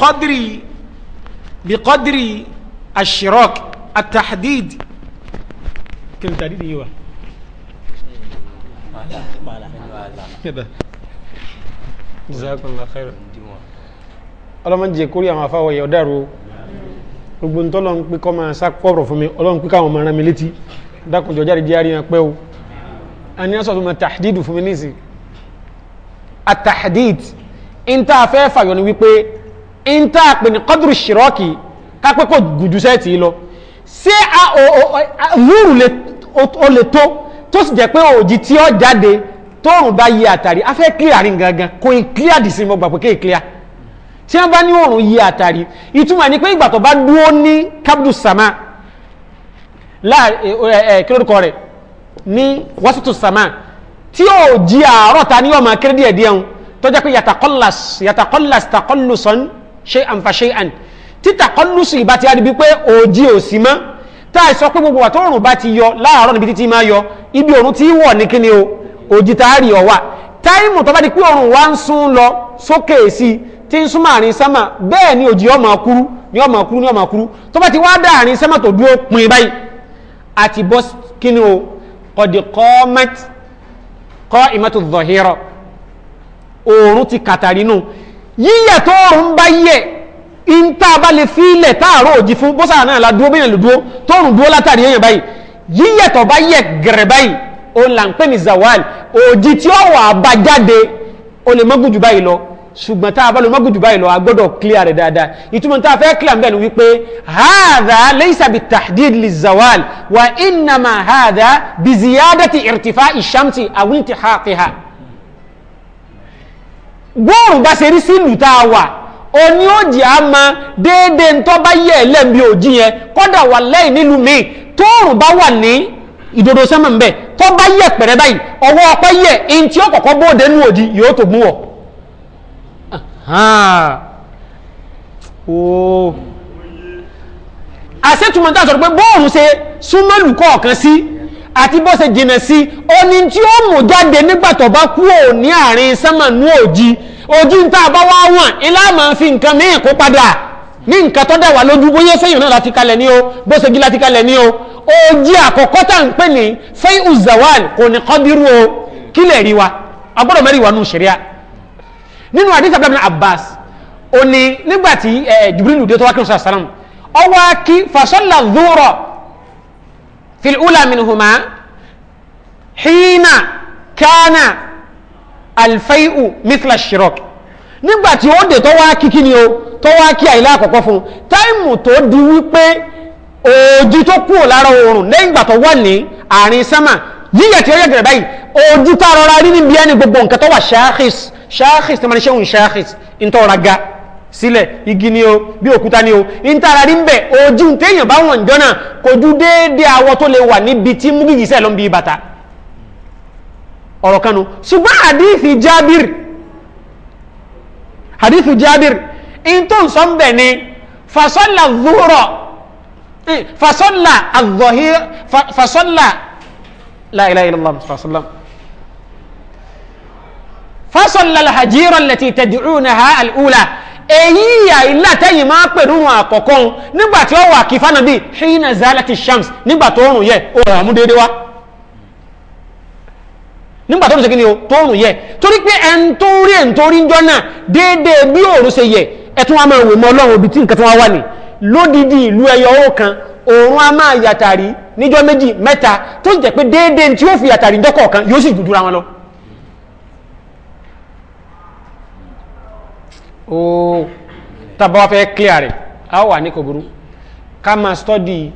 بقدر بقدر الشراك التحديد كم تحديد ايوه كده جزاكم الله خير ọlọ́mọ jẹ́ kórí àwọn afáwọ̀ yẹ̀ ọ̀dàrú gbogbo ń tọ́lọ́ ń pé kọ́ máa sápọ̀rọ̀ fún mi ọlọ́run pé káwọn máa rán mi létí dákùnjọ jáde jẹ́ àríyàn pẹ́ o a ní ọ́sọ̀ tó máa fún mi nísì àtàhdíd ń tá a fẹ́ fàyọ ni wípé in tá a pè ní kọ́dùrù ṣìrọ́ọ̀kì kápẹ́ kò gùdù sẹ́ẹ̀tì lọ ṣé rúùrù o lè e, e, e, tó tó sì jẹ́ pé òjì tí ó jáde tóòrùn bá yí àtàrí afẹ́ clear rí gangan kò ń clear dì sí mo gbà pé kéè clear tí wọ́n bá ní òòrùn yí àtàrí ìtumọ̀ ni pé ìgbà tó bá dúró ní kábdù sàmà kí lórúkọ rẹ̀ ní wọ́sítù sàmà tí òjì àárọ̀ ta ní ọmọ akérèdíẹ̀díẹ̀ ń tọ́jà pé yàtàkọ́lá yàtàkọ́lá sàkọ́lù sọ́nù shay'an fa shay'an títà kọlùsù ìbá ti adìbí pé òjì òsì mọ́ tá a sọ pé gbogbo wà tóòrùn bá ti yọ láàárọ̀ níbi títí máa yọ ibi òrùn tí wọ̀ ní kíni o òjì tààrí ọ̀wà táìmù tó bá di pé òrùn wá ń sún lọ sókè sí i tí ń sún máa rin sẹ́mà bẹ́ẹ̀ ni òjì ọmọ kúrú ni ọmọ kúrú ni ọmọ kúrú tó bá ti wá dáàrin sẹ́mà tó dúró pin báyìí àti bọ́ kíni o kọ̀dì kọ́ ìmọ̀tò zọ̀hírọ̀ òrùn ti kàtàrínú yíyẹ̀ tó rùn bá yẹ̀ in tá bá lè fi ilẹ̀ táàrọ̀ òjì fún bó sáà náà ládúó bí ìlú dúó tó rùn dúó látàrí èèyàn báyìí yíyẹ̀ tó bá yẹ̀ gẹ̀rẹ̀ báyìí o là ń pè ní zawal òjì tí ó wà bá jáde o lè mọ́gùn jù báyìí lọ ṣùgbọ́n tá a bá lè mọ́gùn jù báyìí lọ a gbọ́dọ̀ clear rẹ̀ dáadáa ìtumọ̀ tá a fẹ́ clear bẹ́ẹ̀ ni wípé hadha laysa bi tahdid li zawal wa innama hadha bi ziyadati irtifa ishamsi awinti haqiha. bóòrùn bá ṣe rí sí ìlú tá o wà oní òjì á ma ń tọ́ bá yẹ ẹlẹ́mìí òjì yẹn kọ́dà wà lẹ́yìn nílùú míì tóòrùn bá wà ní ìdodo sẹ́mọ̀ bá yẹ pẹ̀rẹ́ báyìí ọwọ́ ọpẹ́ yẹ ẹni tí ó kọ̀kọ́ bóde nú yóò tó wọ̀. tá a sọ̀rọ̀ pé àti bó ṣe jìnà sí oní tí ó mú jáde nígbà tó bá kú ò ní àárín sánmànú òjì ojú ń tá a bá wá wọ̀n ilá máa fi nǹkan mìíràn kó padà ní nǹkan tó dẹ̀ wà lójú bóyá sẹ́yìn náà láti kalẹ̀ ní o bó ṣe jí láti kalẹ̀ ní o ojú àkọ́kọ́ tá à ń pè ní fẹ́ uzawal kò ní kọ́dírú o kí lè rí wa agbọ́dọ̀ mẹ́rin wà nù ṣẹ̀ríà nínú àdìs abdulhamid abbas ó ní nígbà tí eh, jibril dé tó wá kí n sọ àṣàrán في الأولى منهما حين كان الفيء مثل الشراك nígbà tí ó dé tó wá kíkí ni o tó wá kí àìlá àkọ́kọ́ fún táìmù tó di wípé ojú tó kúrò lára oòrùn lẹ́yìn ìgbà tó wà ní àárín sánmà yíyà tí ó yẹ̀gẹ̀rẹ̀ báyìí ojú tá rọra rí níbi ẹni gbogbo nǹkan tó wà ṣáàkìs ṣáàkìs tí wọ́n ṣe ń ṣáàkìs ń tọ́ra ga sílẹ̀ igi ni o bí òkúta ni o ìntara rí ń bẹ̀ ojú téèyàn bá wọ̀n jọ náà kojú déédé awọ tó lè wà níbi tí mú gìgì sẹ́ẹ̀ ló ń bi bàtà ọ̀rọ̀ kanu ṣùgbọ́n hadithi Jabir hadithi Jabir in tó ń ni fasọ́là zuhurọ̀ eh, fasọ́là azọ̀hí fasọ́là la fasọ́là fasọ́là alhajirọ̀ lati tẹ̀dùrú na ha al'ula èyí ìyà ilá tẹ́yìn máa pẹ̀lú wọn àkọ́kọ́ wọn nígbà tí ó wà kí fánàbí hina zalati shams nígbà tó rùn yẹ òòrùn àmú déédéé wá nígbà tó rùn ṣe kí ni o tó rùn yẹ torí pé ẹn tó rí ẹn tó rí jọ náà déédéé bí òòrùn ṣe yẹ ẹtún wa máa wò mọ ọlọ́run òbí tí nǹkan tó wá wà ní lódìdí ìlú ẹyọ owó kan òòrùn a máa yàtàrí níjọ́ méjì mẹ́ta tó jẹ́ pé déédéé tí ó fi yàtàrí jọ́kọ̀ọ̀kan yóò sì dúdúra wọn lọ ó tàbá wá fẹ́ clear rẹ̀ a wà ní kò burú ká máa study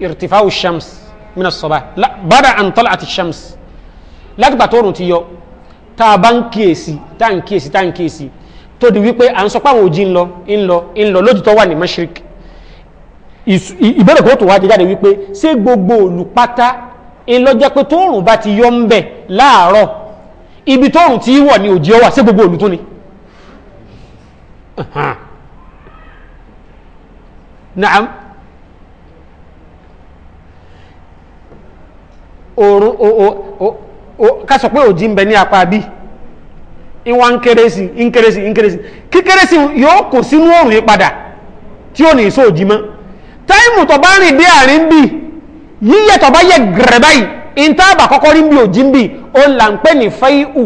irtifau shams mina sọba bada antol àti shams látìgbà tó rùn ti yọ tá a bá ń kíyèsí tá a ń kíyèsí tá a ń kíyèsí tó di wípé à ń sọ pé àwọn òjì ń lọ ń lọ ń lọ lójútọ́ wà ní mashrik ìbẹ̀rẹ̀ kó tó wá jáde wípé ṣé gbogbo olùpátá ń lọ jẹ́ pé tóòrùn bá ti yọ ń bẹ̀ láàárọ̀ ibi tóòrùn ti wọ̀ ni òjì ọwà ṣé gbogbo olùtún ni naam نعم o o o o ká sọ pé òjì ń bẹ ní apá bí ìwà ń kéré sí ń kéré sí ń kéré sí kíkéré sí yóò kò sínú oòrùn yìí padà tí ò ní ìsó òjì mọ́ táìmù tó bá rìn dé àárín bí yíyẹ tó bá yẹ gẹ̀rẹ̀ báyìí ìntàbà kọ́kọ́ rí bí òjì ń bí ó là ń pè ní fai'u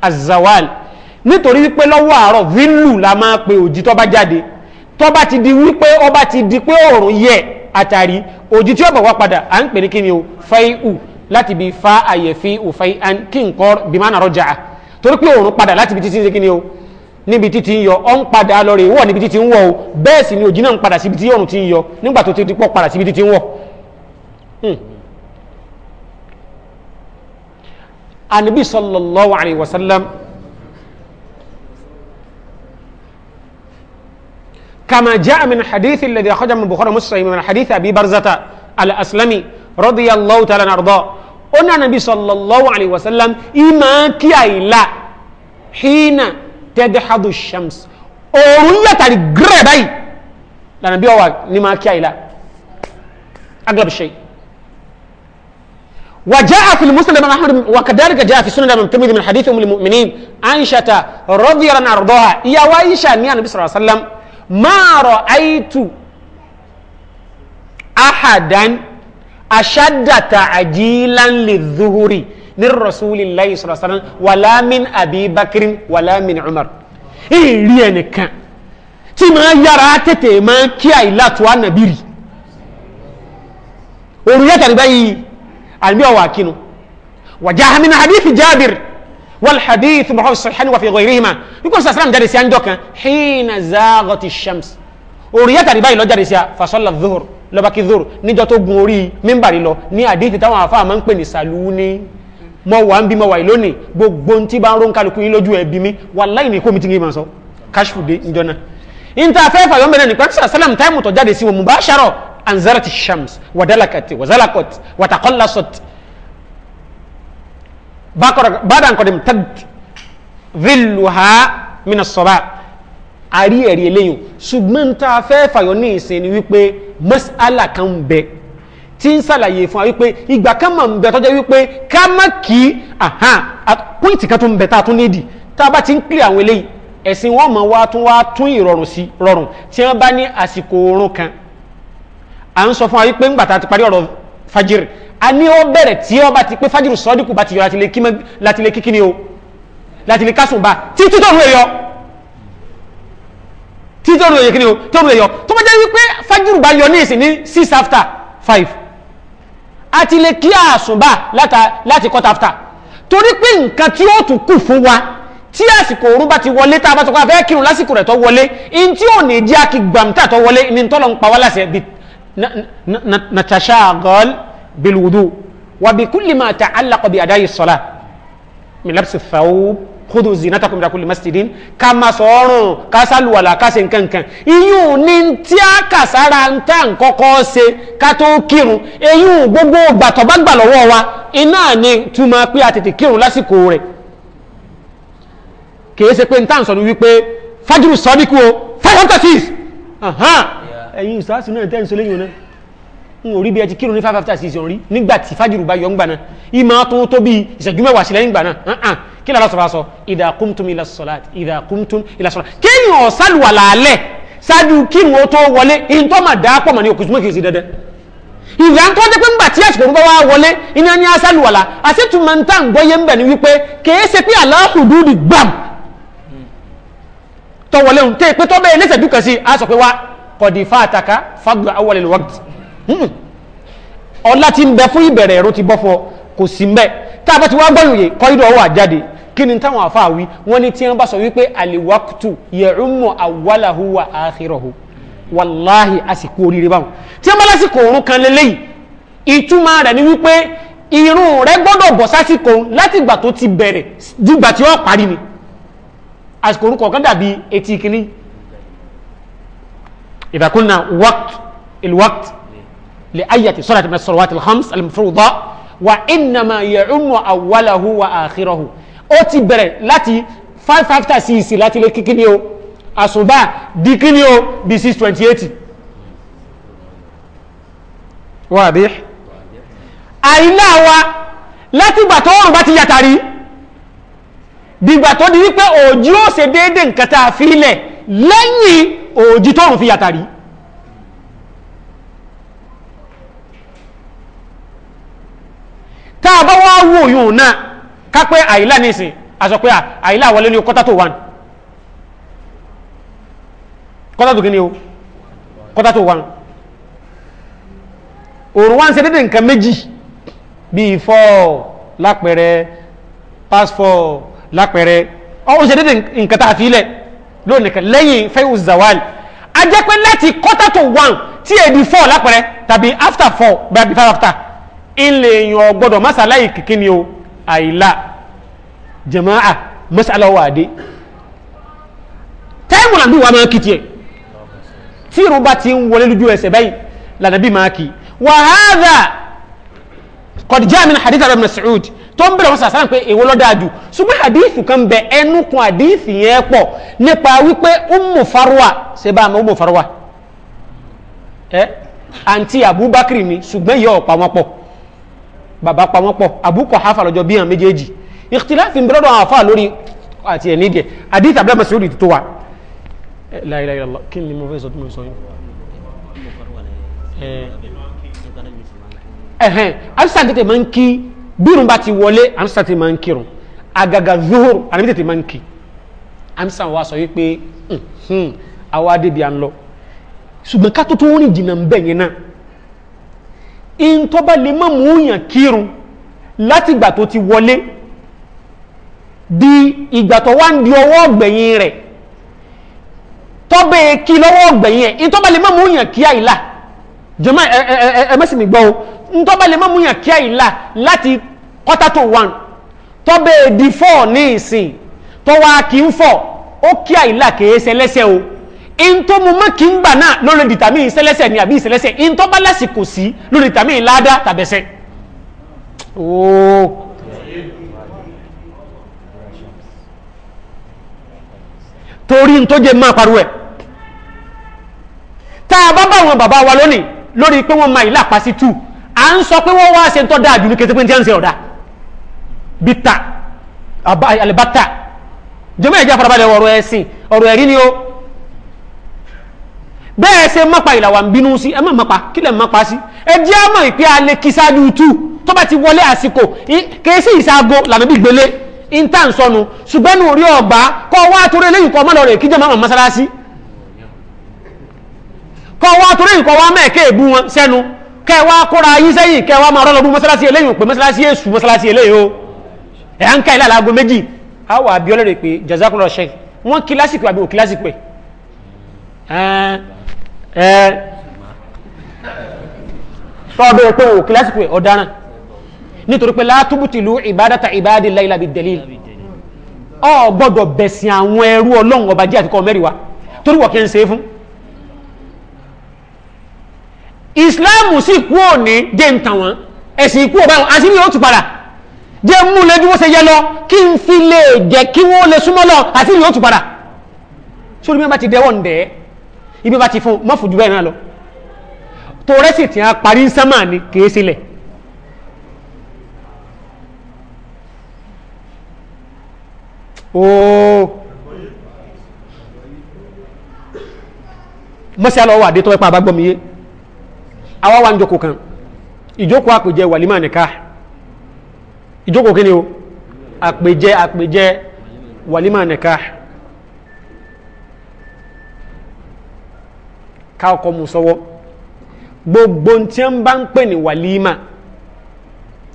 azawal nítorí wípé lọ́wọ́ àárọ̀ vílù la máa pe òjì tó bá jáde tó bá ti di wípé ó bá ti di pé òòrùn yẹ àtàrí òjì tí ó bọ̀ wá padà à ń pè ní kíni o fai'u láti bi fa àyẹ̀fi òfai an kí nǹkan bímọ nàrọ̀ jà á torí pé òòrùn padà láti bi títí ń ṣe kíni o níbi títí ń yọ ọ ń padà lọ rè wọ̀ níbi títí ń wọ̀ o bẹ́ẹ̀ sì ni òjì náà ń padà síbi tí òòrùn ti ń yọ nígbà tó ti pọ̀ padà síbi títí ń wọ̀ anabi hmm. sallallahu alayhi wa كما جاء من حديث الذي أخرجه من البخاري ومسلم من حديث أبي برزة الأسلمي رضي الله تعالى عنه أرضاه أن النبي صلى الله عليه وسلم إما لا حين تدحض الشمس أولا تاري غربي لنبي هو نما لا أغلب الشيء وجاء في المسند من احمد وكذلك جاء في سنن ابن من حديث ام المؤمنين عائشه رضي الله عنها يا عائشه النبي صلى الله عليه وسلم máàrọ̀ àìtù ahadan aṣáàdàtà àjílan lè zuhuri ní rasulillahi sallallahu alaihi wasallam wala min abi bakrin wala min umar ìrí ẹnìkan tí máa yára tètè máa kí àìlàtọ̀ ànàbírì òrùyẹ́tà nígbà yìí àbí ọwà kinu wàjá min hadithi jabir والحديث محمد الصحيحين وفي غيرهما يقول صلى الله عليه وسلم جالس عندك حين زاغت الشمس أوريت رباي لو جالس فصلى الظهر لو بكي الظهر نجا تبوري من باري لو ني حديث تاوا فا من بني سالوني mo wà ń bí mo wà ìlónìí gbogbo ohun tí bá ń ron kálukú yín lójú ẹbí mi wallahi ní kó mi ti ń gbé màá sọ káṣfù dé njọ náà. níta afẹ́fà yọ̀ mẹ́rin nípa ṣíṣà sálàm táìmù tó jáde sí wọn mubasharo anzarat shams wadalakati wazalakot watakọlasot bakara badan kodim tad dhilluha min as-sabab ari eri eleyin ṣùgbọ́n tá fẹ́ fàyọ ní ìsìn ni wípé mas'ala kan ń bẹ tí ń ṣàlàyé fún wa wípé ìgbà kan máa ń bẹ tó jẹ́ wípé ká má kí àhán pọ́ìntì kan tó ń bẹ tá a tún nídìí tá a bá ti ń clear àwọn eléyìí ẹ̀sìn wọn mọ̀ wá tún wá tún ìrọ̀rùn sí rọrùn tí wọ́n bá ní àsìkò oorun kan à ń sọ fún wa wípé ńgbà tá a ti parí ọ̀rọ̀ fajiri a ní ó bẹ̀rẹ̀ tí ó bá ti pé fájìrì sọ́díkù bá ti yọ láti lè kíkí o láti lè kásùn bá títí tó rú ẹ̀yọ títí tó rú kíni o tó rú ẹ̀yọ tó bá jẹ́ wípé fájìrì bá yọ ní ìsìn ní six after five a ti lè kí àsùn bá láti cut after torí pé nǹkan tí ó tún kù fún wa tí àsìkò òru bá ti wọlé tá a bá sọ pé abẹ́ kírun lásìkò rẹ̀ tó wọlé in tí ò ní jẹ́ àkígbàmtà tó wọlé ní tọ́lọ̀ ń pa wá láṣẹ bí بالوضوء وبكل ما تعلق بأداء الصلاة من لبس الثوب خذوا زينتكم إلى كل مسجد كما صوروا كسل ولا كسن كن كن إيو ننتيا كسارا انتان كوكوسي كاتو كيرو إيو بوبو باتو بغبا لووا إنا ني تما كوي أتتي كيرو لاسيكو ري كيسي كوي انتان صنو فجر الصديق فجر تسيس أها أيو ساسي نانتان سلينيو n ò rí bí ẹ ti kírun ní five after six ọ̀rí nígbà tí fájìrù bá yọ ń gbà náà ìmọ̀ tó tó bí ìṣẹ́jú mẹ́wàá sílẹ̀ ń gbà náà kí lára sọ̀rọ̀ sọ idha qumtum ila salat idha qumtum ila salat kéèyàn ọ̀sálùwà làálẹ̀ ṣáájú kírun ó tó wọlé ìntọ́ mà dá pọ̀ mọ̀ ní òkú súnmọ́ kìí sí dandan ìyá ń tọ́jú pé ńgbà tí àsìkò ń bá wá wọlé iná ní asálùwàlà àṣetùmọ̀ ń tà ń gbọ́yé ń bẹ̀ ni wípé kèé ṣe pé aláhùdúdì gbàm tọwọlé ń tẹ́ pé tọ́bẹ̀ ẹlẹ́sẹ̀ dúkà sí a Hmm. ọlá ti ń bẹ fún ìbẹ̀rẹ̀ ẹ̀rọ ti bọ́ kò sí mbẹ tá a bá ti wá gbọ́yìn yìí kọ́ídọ̀ wà jáde kí ni táwọn àfa wí wọ́n ní tí wọ́n bá sọ wípé àlèwàkùtù yẹ̀rùmù àwàlàhù wà áhìrọ̀hù wàláhì àsìkò oríire báwọn tí wọ́n bá lásìkò òun kan lélẹ́yìí ìtumọ̀ rẹ̀ ni wípé irun rẹ̀ gbọ́dọ̀ bọ̀ sásìkò látìgbà tó ti bẹ̀rẹ̀ dìgbà tí wọ́n parí ni àsìkò orúkọ kan dàbí etí kínní ìdàkúnnà wákìtì لأية صلاة من الصلوات الخمس المفروضة وإنما يعم أوله وآخره ó ti bẹ̀rẹ̀ láti five five ta sí ìsì láti lé kíkíní o àsùnbà di kíní o di six twenty eight. wà á bí. àìlá wa láti ìgbà tó ọrùn bá ti yàtàrí dìgbà tó di wípé òjì ó ṣe déédéé nǹkan tá a fi lẹ̀ lẹ́yìn òjì tó ọrùn fi yàtàrí. tá a bá wá wò yóò náà ká pé àyílà nísìn àsọ pé àyílà wọlé ní kọ́tà tó one kọ́tà tó kí ni o kọ́tà tó one òòrùn wá ń ṣe dédé nǹkan méjì bíi four lápẹẹrẹ past four lápẹẹrẹ ọ̀hún ṣe dédé nǹkan tá a fi lẹ̀ lónìkan lẹ́yìn fẹ́yìn zawali a jẹ́ pé láti kọ́tà tó one tí èdè four lápẹẹrẹ tàbí after four bí i after ilé èèyàn gbọ́dọ̀ masala yìí kìkì ni o àìlà jama'a masala wà dé tẹ́ẹ̀mù làbí wa máa kìtì ẹ̀ tí irun bá ti ń wọlé lójú ẹsẹ̀ báyìí lànàbí máa kì wa hadha qad jaa min hadith ibn Mas'ud tó ń bẹ̀rẹ̀ wọn sàṣán pé èwo ló dáa jù ṣùgbọ́n hadithu kan bẹ ẹnu kun hadithu yẹn pọ̀ nípa wípé Ummu Farwa ṣe bá a mọ Ummu Farwa ẹ àǹtí Abubakar ni ṣùgbọ́n yẹ ọ̀pá wọn pọ̀ bàbá pa wọ́n pọ̀ Abu Quhafa lọ́jọ́ bí hàn méjèèjì ìtìláfin bẹ́rọ̀dọ̀ àwọn afá lórí àti ẹ̀ nídìí àdìs abdul masudi tó wa. la ilaha illallah kí ni mo fẹ́ sọ tí mo sọ yìí. Eh. ẹhẹn alisa tètè máa ń kí bírun bá ti wọlé alisa tètè máa ń kírun àgàgà zuhur ànàbí tètè máa ń kí alisa wa sọ yìí pé àwa lọ ṣùgbọ́n ká tó tó ń rìn jìnnà ń yẹn náà in tó bá lè mọ́ mú yàn kírun láti ìgbà tó ti wọlé di ìgbà tó wá ń di ọwọ́ ọ̀gbẹ̀yìn rẹ̀ tọ́bẹ̀ kí lọ́wọ́ ọ̀gbẹ̀yìn ẹ̀ in tó bá lè mọ́ mú yàn kí àìlà jọmọ ẹmẹ́sì mi gbọ́ in tó bá lè mọ́ mú yàn kí àìlà láti quarter to one tọ́bẹ̀ di four ní ìsìn tó wá kí ń fọ̀ ó kí àìlà kèé ṣẹlẹ́sẹ̀ o in tó mu mọ́ kí n gbà náà lórí dìtàmí ìsẹlẹsẹ ni àbí ìsẹlẹsẹ in tó bá lásìkò sí lórí dìtàmí ìládá tàbẹ̀sẹ̀ ooo torí n tó jẹ máa parú ẹ̀ tá a bá bá wọn bàbá wa lónìí lórí pé wọ́n máa ìlà pàṣí tù à ń sọ pé wọ́n wá ṣe ń tọ́ dáa jù kété pé ní ṣe ọ̀dà bíta àlìbátà jẹ́mọ́ ẹ̀jẹ̀ àfarabalẹ̀ ọ̀rọ̀ ẹ̀sìn ọ̀rọ̀ ẹ̀rí ni ó bẹ́ẹ̀ ṣe mọ́pa ìlàwà ń bínú sí ẹ mọ́ mọ́pa kí lẹ̀ mọ́pa sí ẹ jẹ́ àmọ́ ìpé alẹ́ kí sáájú tú tó bá ti wọlé àsìkò kìí sí ìṣaago lànà bí gbélé ìntà ń sọnu ṣùgbọ́n nù rí ọgbà kọ́ wá torí eléyìí kọ́ mọ́lọ rẹ̀ kí jẹ́mọ́ mọ́sálásí kọ́ wá torí ìkọ́ wá mẹ́ẹ̀kẹ́ èbú wọn sẹ́nu kẹ́ wá kóra yí sẹ́yìn kẹ́ wá máa rọ́ lọ́dún mọ́sálásí eléyìí pé mọ́sálásí èṣù mọ́sálásí eléyìí o ẹ̀ ń ká ilé alágo méjì á wà bí ọlẹ́rẹ̀ pé jazakumullah sheikh wọ́n kílásìkò àbí òkílásìkò ẹ̀ ẹ tọ́bẹ̀ pé òun kílásìkò ọ̀daràn nítorí pé látúbùtìlú ìbádàtà ìbádìlá ìlàbí dẹ̀líl ọ gbọ́dọ̀ bẹ̀sìn àwọn ẹrú ọlọ́run ọba jẹ́ àtikọ́ mẹ́rìíwá torí wọ́n kí ń ṣe fún ìsìláàmù sì kú òní jẹ́ ń tàn wọ́n ẹ̀sìn ikú ọba àṣírí ó tún padà jẹ́ mú lẹ́jú wọ́n ṣe yẹ lọ kí n fi lè jẹ́ kí wọ́n lè súnmọ́ lọ àṣírí ó tún padà sórí mẹ́bàá ti dẹ́wọ̀n dẹ́ẹ́ ibi bá ti fún mọ́ fojú bẹ́ẹ̀ náà lọ tó rẹ́sì tí a parí sánmà ni kìí sílẹ̀ ooo mọ́sí àlọ́ wà dé tó ẹ̀pá àbágbọ́mi yé àwa wà ń jókòó kan ìjókòó àpèjẹ wàlímà nìka ìjókòó kí ni o àpèjẹ àpèjẹ wàlímà nìka. káàkọ́ mu sọ́wọ́ gbogbo tí ń bá ń pè ní wàlímà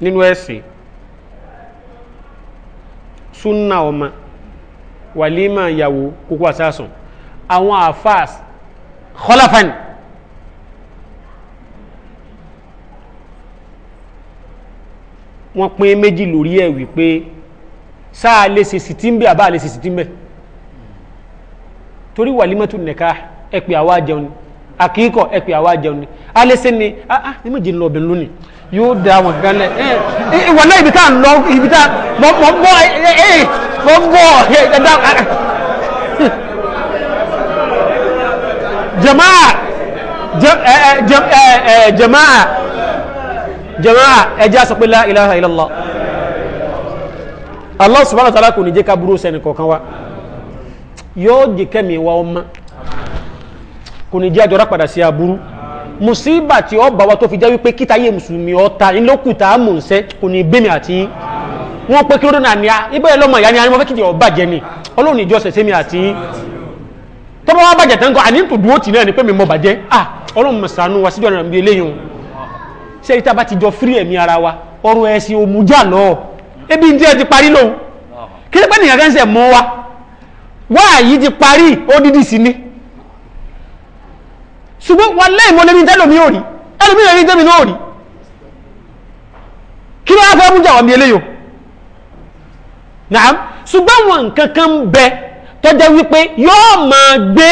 nínú ẹ̀sìn súnà ọmọ wàlímà ìyàwó kókó àsásùn àwọn àfáàs kọlafani wọ́n pín méjì lórí ẹ̀ wípé sáà lè ṣe sìtìmbẹ̀ àbá lè ṣe sìtìmbẹ̀ torí wàlímà tún nìka ẹ pé àwa jẹun ni àkíkọ̀ ẹ pé àwa jẹun ni ah ah ní méjì lọ ọbẹ̀ lónìí yóò da àwọn kan lẹ ẹ ìwọ náà ibi tá à ń lọ ibi tá mọ mọ bọ ẹ ẹ mọ bọ ẹ ẹ dá jamaa jamaa jamaa ẹ jẹ́ a sọ pé la ilaha illallah Allah subhanahu wa ta'ala kò ní jẹ́ ká burú sẹ́ni wa yóò jẹ́ kẹ́mi wa ọmọ kò ní jẹ́ àjọra padà sí aburú mùsíbà tí ọ bàwá tó fi jẹ́ wípé kítáyé mùsùlùmí ọ̀tá ńlọ́kùtà mùsẹ́ kò ní bẹ́mi àti wọn pé kí ló dún àníyá ibẹ̀ ẹ lọ́mọ ìyá ni àwọn fẹ́ kìdí ọba jẹ ni ọlọ́run ìjọ sẹ̀sẹ̀ mi àti tọ́ba wa bàjẹ́ tán kọ́ àní tó dúró tì náà ni pé mi mọ bàjẹ́ ah ọlọ́run mọ̀sánú wa síjọ́ nàbí eléyìí ṣé ìta bá ti jọ fírí ẹ̀mí ara wa ọrùn ẹ̀sìn òmùjà lọ ebi ń jẹ́ ti parí lòun kí ló pẹ́ nìyàgánṣẹ́ mọ́ wa wáá ti parí ó dídì sí ni ṣùgbọ́n wà lẹ́yìn mo lè rí tẹ́lòmí ò rí ẹlòmí rẹ̀ rí tẹ́mi náà rí kí ló wá fẹ́ mú jàwọ́ bí eléyò náà ṣùgbọ́n wọn nǹkan kan bẹ tó jẹ́ wípé yóò máa gbé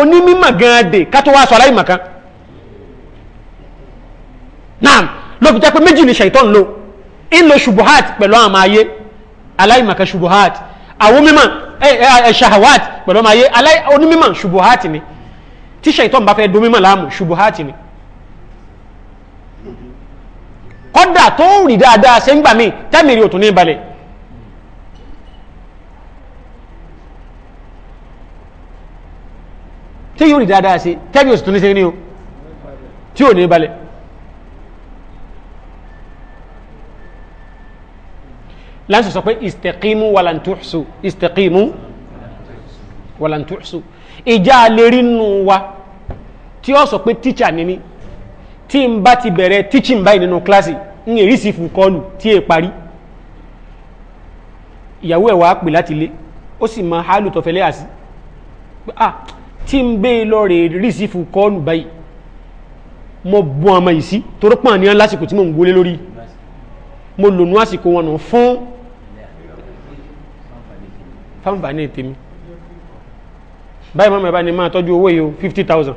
onímọ̀ gan dè wá sọ aláìmọ̀ náà ló fi jẹ́ pé méjì ni ṣètọ́ ń lò ń lo ṣubuhat pẹ̀lú àwọn ọmọ ayé aláìmọ̀ kan ṣubuhat àwọn mímọ̀ ẹ̀ eh, ẹ̀ eh, ṣahawaat eh, pẹ̀lú ọmọ ayé onímọ̀ ṣubuhat ni tí ṣètọ́n bá fẹ́ domímọ̀ láàmú ṣubuhati ni kọ́dà tó ń rí dáadáa ṣe ń gbà mí tẹ́mìrì òtún ní ìbalẹ̀ tí yóò rí dáadáa ṣe tẹ́mìrì òtún ní ṣe ní o tí ò ní ìbalẹ̀ láti sọ pé istaqimu walantuhsu istaqimu walantuhsu ìjà àlérí nù wa tí ó sọ pé tíṣà ni tí n bá ti bẹ̀rẹ̀ teaching báyìí nínú kíláàsì ń èrí sí fún kọlù tí è parí ìyàwó ẹ̀ wàá pè láti lé ó sì mọ hálù tọ́fẹ́lẹ́ àsì pé ah tí n bẹ́ẹ̀ e lọ rè rí sí fún kọlù báyìí mo bọ́n ọmọ yìí sí torí pọ̀ ní lásìkò tí mo ń gbólé lórí mo lò nú àsìkò wọn nù fún fáǹfà ní ètèmi báyìí mọ́mọ́ ẹ̀bá ni máa tọ́jú owó yìí o fifty thousand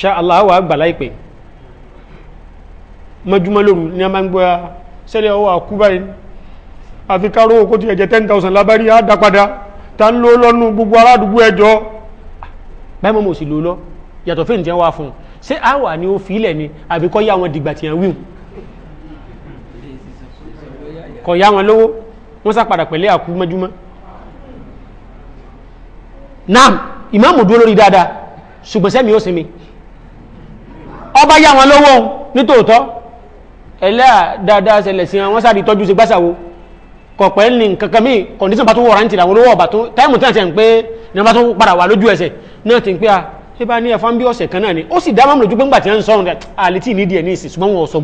ṣá aláwọ̀ àgbà láìpẹ́ mọ́júmọ́ lóru ni a máa ń gbọ́ sẹ́lẹ̀ ọwọ́ àkú báyìí àfi káró owó kó ti ẹ̀jẹ̀ ten thousand lábárí á dá padà ta ń lò lọ́nu gbogbo aládùúgbò ẹjọ́ báyìí mọ́mọ́ sì lò lọ yàtọ̀ fẹ́ǹ tí wọ́n wá fún un ṣé àwà ni ó fi ilẹ̀ ni àbí kọ́ yá wọn dìgbà tí wọ́n wọ́n sá padà pẹ̀lẹ́ àkú mọ́júmọ́ naam ìmáàmù dúró lórí dáadáa ṣùgbọ́n sẹ́mi ó sinmi ọba yá wọn lọ́wọ́ nítòótọ́ ẹlẹ́à dáadáa ṣẹlẹ̀ sí wọn di tọ́jú sí gbáṣàwó kọ̀pẹ́ ní kankan míì kọ̀ndíṣàn bá tó wọ̀ra ní ti làwọn olówó ọba tó táìmù tí wọ́n ti ń pé ní wọ́n bá tó padà wà lójú ẹsẹ̀ náà ti ń pé a ṣé bá ní ẹ̀fọn bí ọ̀sẹ̀ kan náà ni ó sì dá mọ́mọ́ lójú pé ńgbà tí wọ́n ń sọ̀rọ̀ sọ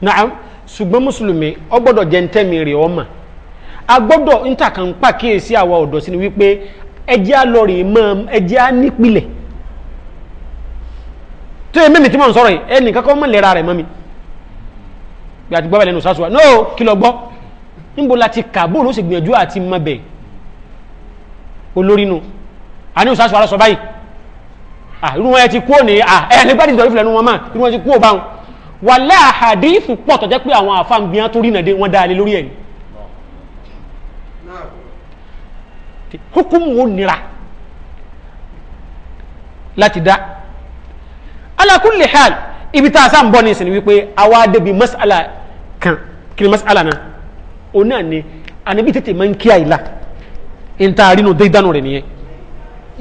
naam ṣùgbọ́n mùsùlùmí ọ gbọ́dọ̀ jẹ́ ntẹ́mi rẹ̀ ọmọ a gbọ́dọ̀ ntàkàn pàkíyèsí àwa ọ̀dọ́ sí ni wípé ẹjẹ́ á lọ rè mọ́ ẹjẹ́ á nípìlẹ̀ tó yẹ mẹ́mi tí mò ń sọ̀rọ̀ yìí ẹnì kankan mọ̀ lẹ́ra rẹ̀ mọ́ mi bí a ti lẹ́nu sásùwà no kí lọ gbọ́ níbo la ti kà bóòlù ó sì gbìyànjú àti mọ bẹ̀ olórí nu àní òsásùwà lọ sọ báyìí ah irú wọn ẹ ti kú òní ah ẹ nígbà tí ìtọ́jú filẹ̀ nu wọn mọ́ irú wọn ti kú òbáwọn wàlẹ́ àhàdíìfù pọ̀ tọ́jẹ́ pé àwọn àfáàn gbìyàn tó rí nàdé wọ́n dáa lé lórí ẹ̀yìn hukumu wo nira láti dá ala kulli hal ibi tá a sá ń bọ́ ní ìsìn wípé àwa débi mas'ala kan kí ni mas'ala náà òun náà ni ànábì tètè máa ń kí àìlá ìntaarínú dédánù rẹ̀ nìyẹn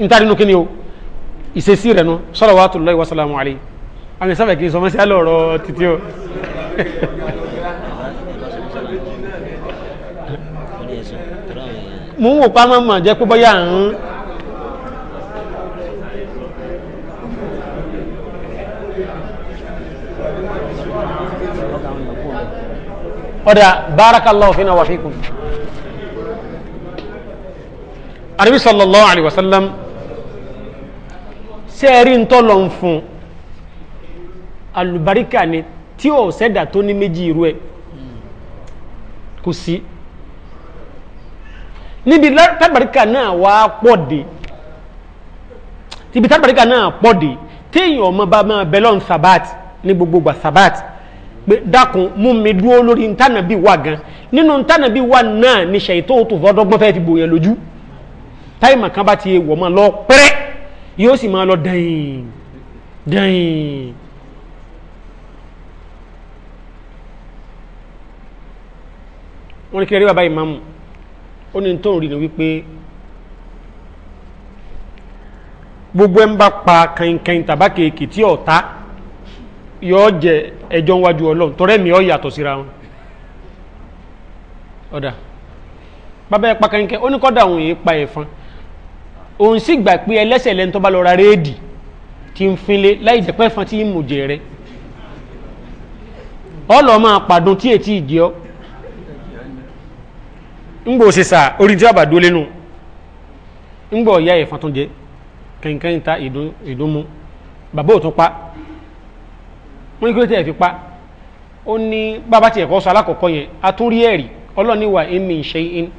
ìntaarínú kí ni o ìṣesí rẹ̀ nu salawatullahi wa salamu alayhi àmì sábà kì í sọmọ sí àlọ́ọ̀rọ̀ títí o. mo ń wò pa mọ́mọ́ jẹ́ pé bọ́yá ń. ọ̀dà barakallahu fina wa fikum. anabi sallallahu alayhi wa sallam sẹ́ẹ̀rí ń tọ́ lọ fún Alubarika ni tí ò sẹ́dà tó ní méjì irú ẹ̀ kò sí níbi tábàríkà náà wá pọ̀ dé níbi tábàríkà náà pọ̀ dé téèyàn ọmọ bá máa bẹ̀lọ́n sabat ní gbogbo sabat pé dákun mú mi dúró lórí ntànàbí wà gan nínú ntànàbí wà náà ni ṣèyító tó fọdọ́gbọ́n fẹ́ fi bòyàn lójú táìmà kan bá ti wọ̀ mọ́ lọ pẹ́rẹ́ yóò sì máa lọ dẹ̀yìn dẹ̀yìn wọ́n ní kí lè rí bàbá ìmáàmù ó ní tó ń rí ni wípé gbogbo ẹ̀ pa kankan tàbá kéèkì tí ọ̀tá yọ jẹ ẹjọ́ wájú ọlọ́run tọrẹ́ mi ọ yàtọ̀ síra wọn ọ̀dà bàbá ẹ̀ pa kankan ó ní kọ́dà òun yìí pa ẹ̀fọn òun sì gbà pé ẹlẹ́sẹ̀ lẹ́nu tó bá lọ ra réèdì tí ń finlé láì jẹ́ pẹ́fọn tí ń mùjẹ rẹ ọ lọ máa pàdún tí ètí ìjẹ́ ọ́ ngbò ṣe sà orí tí ọba dúró lẹ́nu ngbò ọ̀yá ẹ̀fọn tó jẹ kẹ̀kẹ́ ta ìdúnmú bàbá òtún pa wọ́n ní kí ló tẹ̀ fi pa ó ní bàbá tiẹ̀ e kọ́ sọ alákọ̀ọ́kọ́ yẹn atúrí ẹ̀rí ọlọ́ọ̀ni wà émi ṣe in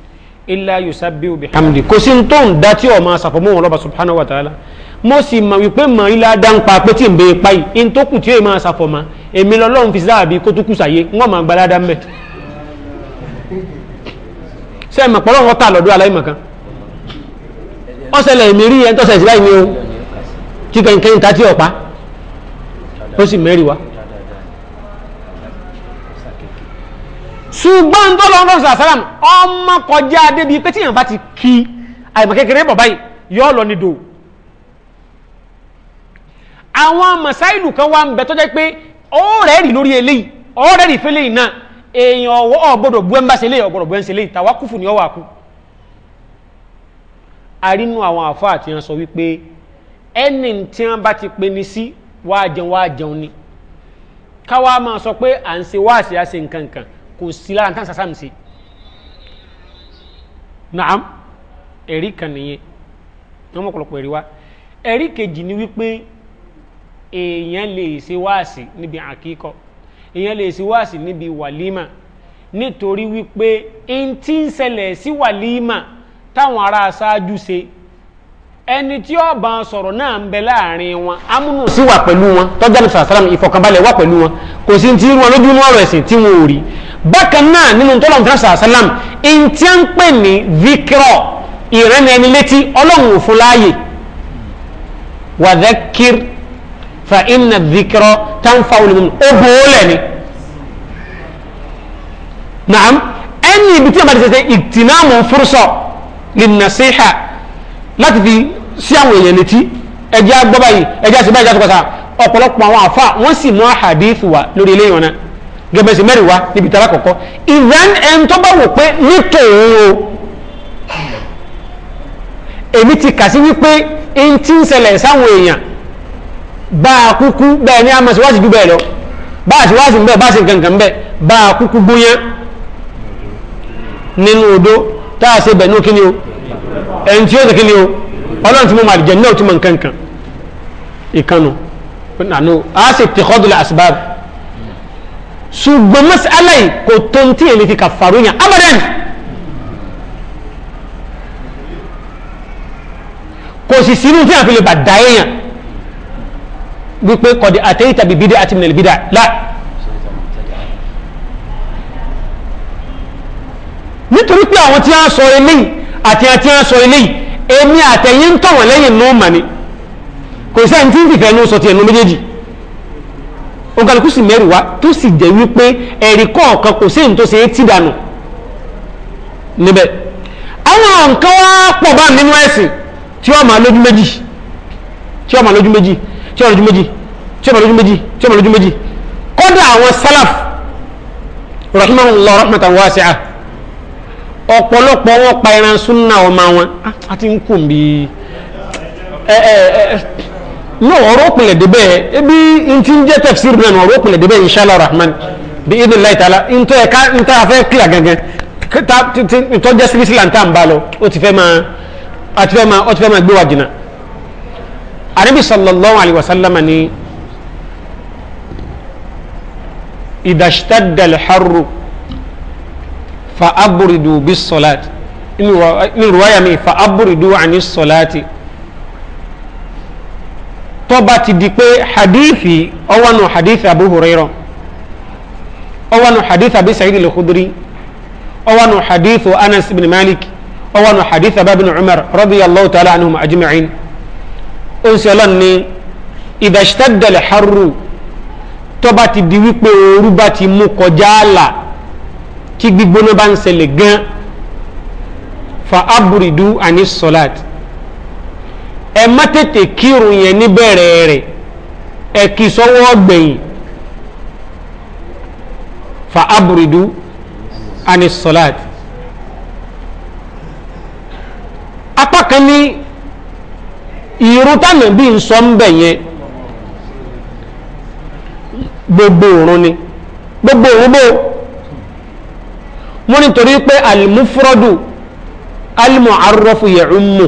ilá yusabbihu bihamdi kò sí tó ń da tí ọmọ àṣàfọ̀ mọ́ wọn lọ́ba subhanahu wa ta'ala mo sì mọ̀ wípé mọ̀ ilá dáńpa pé tí n bẹ pa in tó kù tí èèmọ̀ àṣàfọ̀ mọ́ èmi lọ́lọ́run fi sáàbí kó tó sàyé wọ́n mọ̀ àgbàlá dá mẹ́ ṣe mọ̀ pọ̀lọ́ wọn tà lọ́dọ̀ aláìmọ̀kan ọ̀sẹ̀lẹ̀ èmi rí ẹni tọ́sẹ̀ ìsìláì ni o kí kẹ́yìn ta tí ọ̀pá ó sì mẹ́rin wá. ṣùgbọ́n tó lọ́n rọ́ọ̀sì àsálàm ọmọ kọjá débi pé tíyàn bá ti kí àìmọ̀ kékeré bọ̀ báyìí yọ ọ lọ ní dòwò àwọn masailu kan wà ń bẹ tó pé ọ̀rẹ́ rí lórí eléyìí ọ̀rẹ́ rí fẹ́lẹ́ náà èèyàn ọwọ́ ọ̀gbọ́dọ̀ bú ẹ́mbàṣẹ́lẹ̀ ọ̀gbọ́dọ̀ bú ẹ́mbàṣẹ́lẹ̀ ìtàwákùfù ni ọ wà kú arínú àwọn àfá àti yẹn sọ wípé ẹni tí wọ́n bá ti pe ní sí wá jẹun wá jẹun ni káwá máa sọ pé à ń ṣe wá àṣẹ àṣẹ nǹkan kan kò sí lára tán sàṣàmì sí naam ẹ̀rí kan nìyẹn wọ́n mọ̀ pọ̀lọpọ̀ ẹ̀rí wa ẹ̀rí kejì ni wípé èèyàn lè ṣe wáàsí níbi àkíkọ́ èèyàn lè sí wáàsí níbi wàlímà nítorí wípé n tí ń ṣẹlẹ̀ sí wàlímà táwọn ará aṣáájú ṣe ẹni tí ó bá sọ̀rọ̀ náà ń bẹ láàrin wọn amúnú sí wà pẹ̀lú wọn tọ́jà nípa sàlámù ìfọ̀kànbalẹ̀ wà pẹ̀lú wọn kò sí ti wọn lójú inú ọ̀rọ̀ ẹ̀sìn tí wọn ò rí bákan náà nínú tọ́lọ̀ nípa sàlámù ẹni tí a ń pè ní vikiro ìrẹ́ni ẹni létí ọlọ́run òfin láàyè wàdákìrì fa inna dhikra tanfa'u lil mu'min ó bòólẹ̀ ni naam ẹni ibi tí a bá ti tẹ́tẹ́ ìtìnáàmù fúrúsọ lin nasiha láti fi sí àwọn èèyàn létí ẹjẹ́ agbọ́bá yìí ẹjẹ́ àṣìbá ìjà àṣìkọ́sà ọ̀pọ̀lọpọ̀ àwọn àfa wọ́n sì mú àhàdíìfù wa lórí ilé ìwọ̀n náà gẹ́gẹ́ sí mẹ́rin wa níbi tara kọ̀kọ́ ìrẹ́n ẹni tó bá wò pé nítòun èmi ti kà sí wípé ẹni tí ń ṣẹlẹ̀ sáwọn èèyàn bá a kúkú bẹ́ẹ̀ ni a mọ̀ síwájú bẹ́ẹ̀ lọ bá a síwájú bẹ́ẹ̀ bá a sì kankan bẹ́ẹ̀ bá a kúkú gúnyán nínú odó tá a ṣe bẹ̀ẹ́ ní kíni o ẹni tí ó ṣe kíni o ọlọ́run tí mo máa jẹ náà tí mo nkankan ìkànnù nànú a sì ti kọ́dùlẹ̀ àṣìbáàbù ṣùgbọ́n mọ́sálà yìí kò tó ń tí èmi fi kàfàrú yàn abadan kò sì sínú tí a fi lè bà dá èèyàn wípé kọ̀dí àtẹ́yí tàbí bídá àti mìnà bídá lá nítorí pé àwọn tí a sọ ilé àti àti a sọ ilé èmi àtẹ̀yí ń tọ̀wọ̀ lẹ́yìn ní ọmọ ni kò sí àti fífẹ́ ní sọ ti ẹnu méjèèjì ogalukú sì mẹ́rù wá tó sì jẹ́ wípé ẹ̀rí kọ̀ọ̀kan kò sí ìtòsí etí dànù níbẹ̀ àwọn nǹkan wá pọ̀ bá nínú ẹ̀sìn tí ó máa lójú méjì tí ó máa lójú méjì tí ọ̀rọ̀ ojú méjì tí ọ̀rọ̀ ojú méjì tí ọ̀rọ̀ ojú méjì kódà àwọn sálàf rahimahullah rahmatan wasi'a ọ̀pọ̀lọpọ̀ wọn pa ẹran súnà ọmọ wọn àti ah, ń kùn bí ẹ ẹ ẹ náà ọ̀rọ̀ òpìlẹ̀ débẹ̀ ebi ntí ń jẹ́ tafsir náà ọ̀rọ̀ òpìlẹ̀ débẹ̀ inshallah rahman bi idhnillahi ta'ala ntọ́ ẹ̀ka ntọ́ afẹ́ kílà gangan ntọ́ jẹ́ sílísílà ntá ń bá lọ ó ti fẹ́ máa ó ti fẹ́ máa gbé wa jìnnà anabi sallallahu alayhi wa sallam ni idashtadda alharru fa aburidu bis salati ní ruwaya mi fa aburidu ani salati tó bá ti di pé hadithi ọwọnu hadithi abu hurairah ọwọnu hadithi abi sa'id al-khudri ọwọnu hadithi anas bin malik ọwọnu hadithi abu umar radiyallahu ta'ala anhum ajma'in ó ń sọ ọlọ́run ní ìdàṣítàdàlẹ̀ haru tó bá ti di wípé ooru bá ti mú kọjá àlà tí gbígbóná bá ń ṣẹlẹ̀ gan fa aburidu àní sọláàt ẹ má tètè kírun yẹn níbẹ̀rẹ̀ rẹ̀ ẹ kì sọ́wọ́ gbẹ̀yìn fa aburidu àní sọláàt apá kan ní ìrú tánà bí n sọ ń bẹ̀ yẹn gbogbo òrun ni gbogbo òrun bó wọ́n nítorí pé alimufrodu alimu arọ́fu yẹ̀rùmù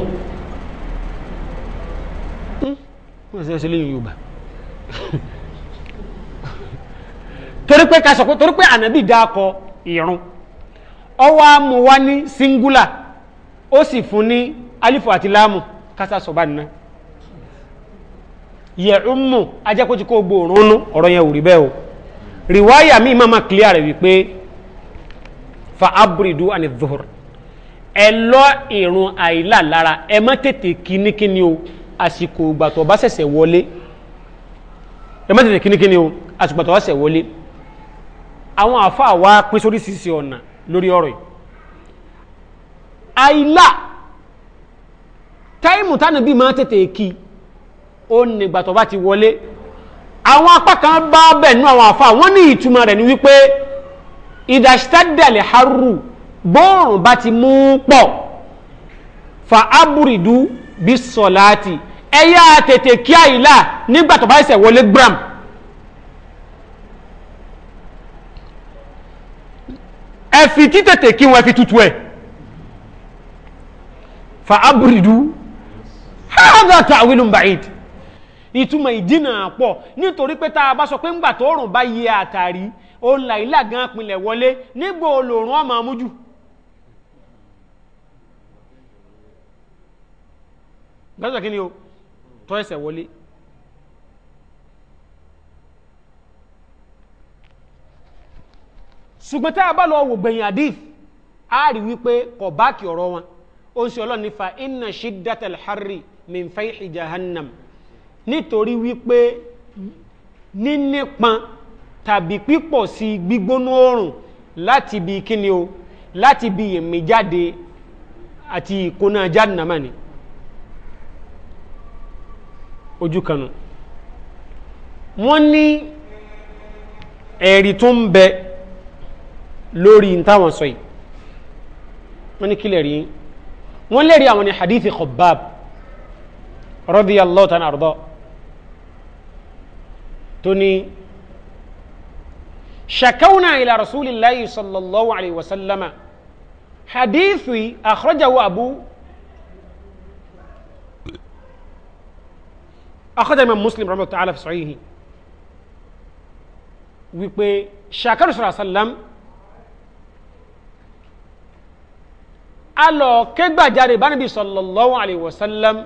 torí pé ká sọ pé torí pé ànábì dákọ ìrun ọwọ́ amúwá ní singular ó sì fún ní alifu àti láàmù kásá sọ̀bá yẹ̀rúnmù ajẹ́kótí kó gbòòrùn nú ọ̀rọ̀ yẹn ò rí bẹ́ẹ̀ o rìwáyà mi máa máa clear rẹ̀ wípé fa abridu ani dhuhr ẹ lọ ìrun àìlà lára ẹ má tètè kíníkíní o àsìkò ìgbàtọ̀ bá ṣẹ̀ṣẹ̀ wọlé ẹ má tètè kíníkíní o àsìkò ìgbàtọ̀ bá ṣẹ̀ṣẹ̀ wọlé àwọn àfáà wa pín sórí sísè ọ̀nà lórí ọ̀rọ̀ yìí àìlà táìmù tánàbí máa tètè kí ó nígbà tó bá ti wọlé àwọn apá kan bá bẹ̀ nú àwọn àfa wọ́n ní ìtumọ̀ rẹ̀ ni wípé ìdàṣítàdàlẹ̀ haru bọ́ọ̀rùn bá ti mú pọ̀ fa aburidu bí sọ̀láàtì ẹ̀yà tètè kí àyílà nígbà tó bá ṣẹ̀ wọlé gram ẹ fi títètè kí wọn fi tutù ẹ̀ fa aburidu hádà tàwílùm bàìdì ìtumọ̀ ìdínà pọ̀ nítorí pé tá a bá sọ pé ńgbà tó rùn bá yẹ àtàrí òun làílà gan pinlẹ̀ wọlé nígbà olóòrùn ọmọ amójú gbọ́sọ̀ kí ni o tọ́ ẹsẹ̀ wọlé ṣùgbọ́n tá a bá lọ wò gbẹ̀yìn àdìf a rí wípé kọ̀ báàkì ọ̀rọ̀ wọn ó ń ṣe ọlọ́ni fa inna shiddatal harri min nítorí wípé nínípan tàbí pípọ̀ sí gbígbónú oòrùn láti bí kíni o láti bí èmì jáde àti ìkóná jahannama ni ojú kanu wọ́n ní ẹ̀rí tó ń bẹ lórí ìtawọn sọ yìí wọ́n ní kílẹ̀ rí wọ́n lè rí àwọn ní hadithi Khabbab radiyallahu ta'ala anhu tó ní شكونا إلى رسول الله صلى الله عليه وسلم حديثي أخرجه أبو أخرج من مسلم رحمه الله تعالى في صحيحه wípé ṣàkàrù sọ̀rọ̀ àṣàlám alọ̀ kégbàjáde bá níbi sọ̀lọ̀lọ́wọ́ àlèwọ̀sálám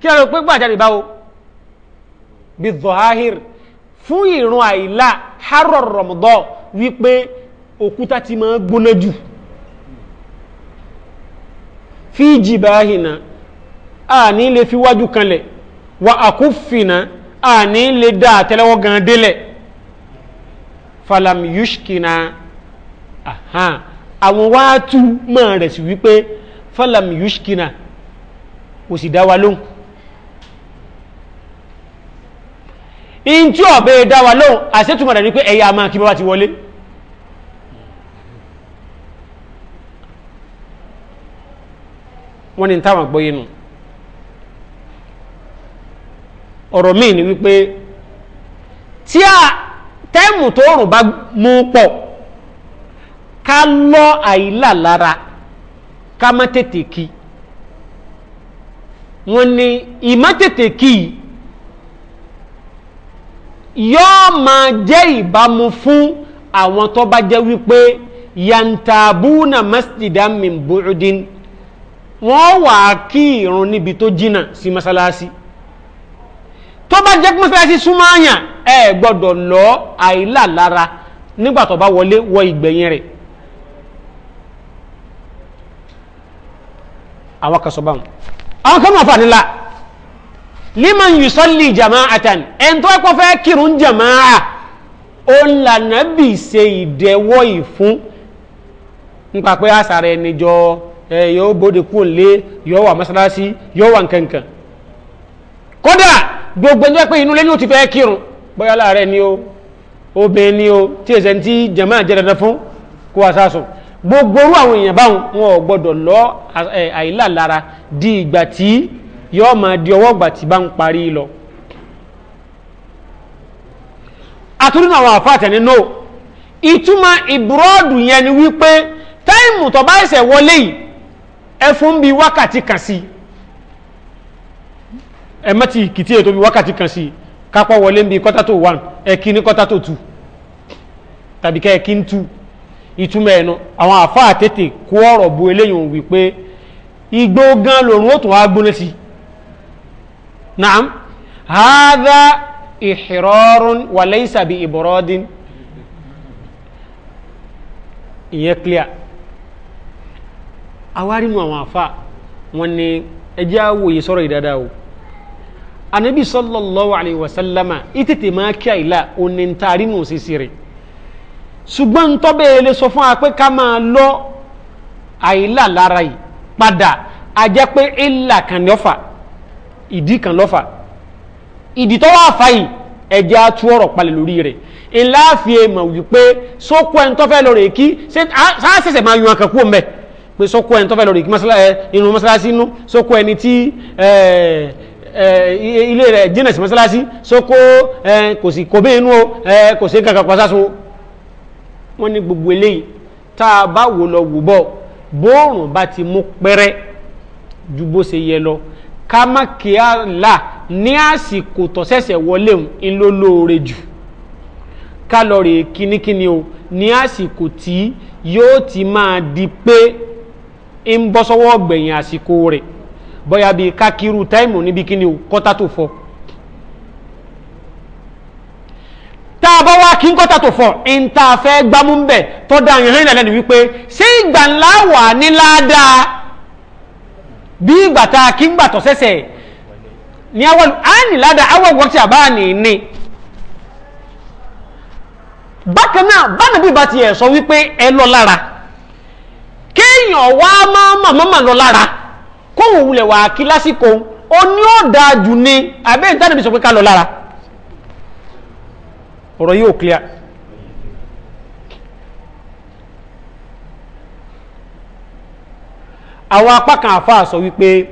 kí a rò pé gbàjáde báwo bí zọ̀háhìr fún ìrún àìlà harrọ̀ rọ̀mọ̀dọ̀ wípé òkúta ti máa gbóná jù fi jìbáhìnà àní lè fi wájú kanlẹ̀ wà àkúfìnà àní lè dá àtẹ́lẹ́wọ́ gan délẹ̀ falam yushkina ahan àwọn wáátú máa rẹ̀ sí wípé falam yushkina kò sì dá wa lóhùn in tí ọ̀bẹ̀ dáwà lóhun àṣẹ́tùmọ̀ rẹ̀ ní pé ẹ̀yà máa kí bá ti wọlé wọ́n ni táwọn gbọ́yé nù ọ̀rọ̀ míì ni wípé tí a tẹ́mù tó rùn bá mú pọ̀ ká lọ àìlà lára ká má tètè kí wọ́n ni ìmá tètè kí yìí yóò máa jẹ́ ìbámu fún àwọn tó bá jẹ́ wípé yantabuna masjidan min bu'udin wọ́n wà kí ìrun níbi tó jìnnà sí masalasi tó bá jẹ́ masalasi súnmọ́ọ̀yà ẹ gbọ́dọ̀ lọ àìlà lára nígbà tó bá wọlé wọ ìgbẹ̀yìn rẹ̀ àwọn kan sọ báwọn àwọn kan mọ̀ fà nílá liman yusalli jama'atan ẹn tó ẹkọ fẹ́ kírun jama'a ó lànà bí ṣe ìdẹwọ́ ìfún nípa pé àṣàrà ẹni jọ ẹ yóò bóde kúrò lé yóò wà mọ́sálásí yóò wà nkankan kódà gbogbo ẹni tó pé inú lẹ́ni ó ti fẹ́ kírun bóyá láàárẹ̀ ni o obìnrin ni o tí ẹsẹ̀ ti jama'a jẹ́ dandan fún kó wá sásùn gbogbo orú àwọn èèyàn báwọn wọn ò gbọdọ̀ lọ àìlà di ìgbà tí yóò máa di ọwọ́ tí bá ń parí lọ àtúndínú àwọn àfáàtẹ̀ afọ ìtumọ̀ ìbúrọ́ọ̀dù yẹn ni wípé táìmù tó bá ẹsẹ̀ wọlé yìí ẹ fún bí wákàtí kan sí ẹ mẹ́tì kìtì ètò bí wákàtí kan sí kápọ̀ wọlé bí kọ́tà tó one ẹ kí ní kọ́tà tó two tàbí kẹ́ ẹ kí ń two ìtumọ̀ àwọn bu eléyìí wípé igbó gan ó tún wá naam hadha ìhìrọ́rùn wà lẹ́yìnsà bí ìbọ̀rọ̀dín ìyẹn clear awárínú àwọn àfà wọn ni ẹjẹ́ àwòye sọ́rọ̀ ìdádá o anabi sallallahu alayhi wa sallama ìtètè máa kí àìlà òní ń taarínú sísì rẹ̀ ṣùgbọ́n tó bẹ́ẹ̀ lè sọ fún wa pé ká máa lọ àìlà lára yìí padà a jẹ́ pé ìlà kan ní ọ̀fà ìdí kan lọ́fà ìdí tó wà fàyè ẹjẹ́ atú ọ̀rọ̀ palẹ̀ lórí rẹ̀ ńlá fi mọ̀ wípé sókú ẹni tó fẹ́ lọ rè kí sáàsẹ̀sẹ̀ máa yan àkàkú mẹ́ pé sókú ẹni tó fẹ́ lọ rè kí inú mọ́sálásí inú sókú ẹni tí ilé rẹ̀ jìnà sí mọ́sálásí sókó kò sí kò bí inú kò sí kankan pàṣásó wọ́n ní gbogbo eléyìí tá a bá wò lọ wò bọ̀ bóòrùn bá ti mú pẹ́rẹ́ ju bó ṣe yẹ lọ ká má kíá ní àsìkò tó wọlé ń ló lóore jù ká kínníkínní o ní àsìkò tí ti máa di pé ń bọ́ sọ́wọ́ gbẹ̀yìn àsìkò rẹ̀ bóyá bíi kákírú táìmù níbi kínní o kọ́tà tó fọ́ tá a bá wá kí n tó ń a fẹ́ gbámú ń bẹ̀ tọ́ da yìnyín lẹ́nu wípé ṣé bí ìgbà tá a kí ń gbàtọ̀ sẹ́sẹ̀ ní awọ́lù á nì ládà awọ́ wọ́tí àbá nì ní bákan náà bánàbí bá ti ẹ̀ sọ wípé ẹ lọ lára kéèyàn wá máa máa lọ lára kóhùn wulẹ̀ wà kí lásìkò ó ní ó dáa jù ní àbẹ́ ìtànàbí sọ pé ká lọ lára ọ̀rọ̀ yìí clear àwọn apá kan àfáà sọ wípé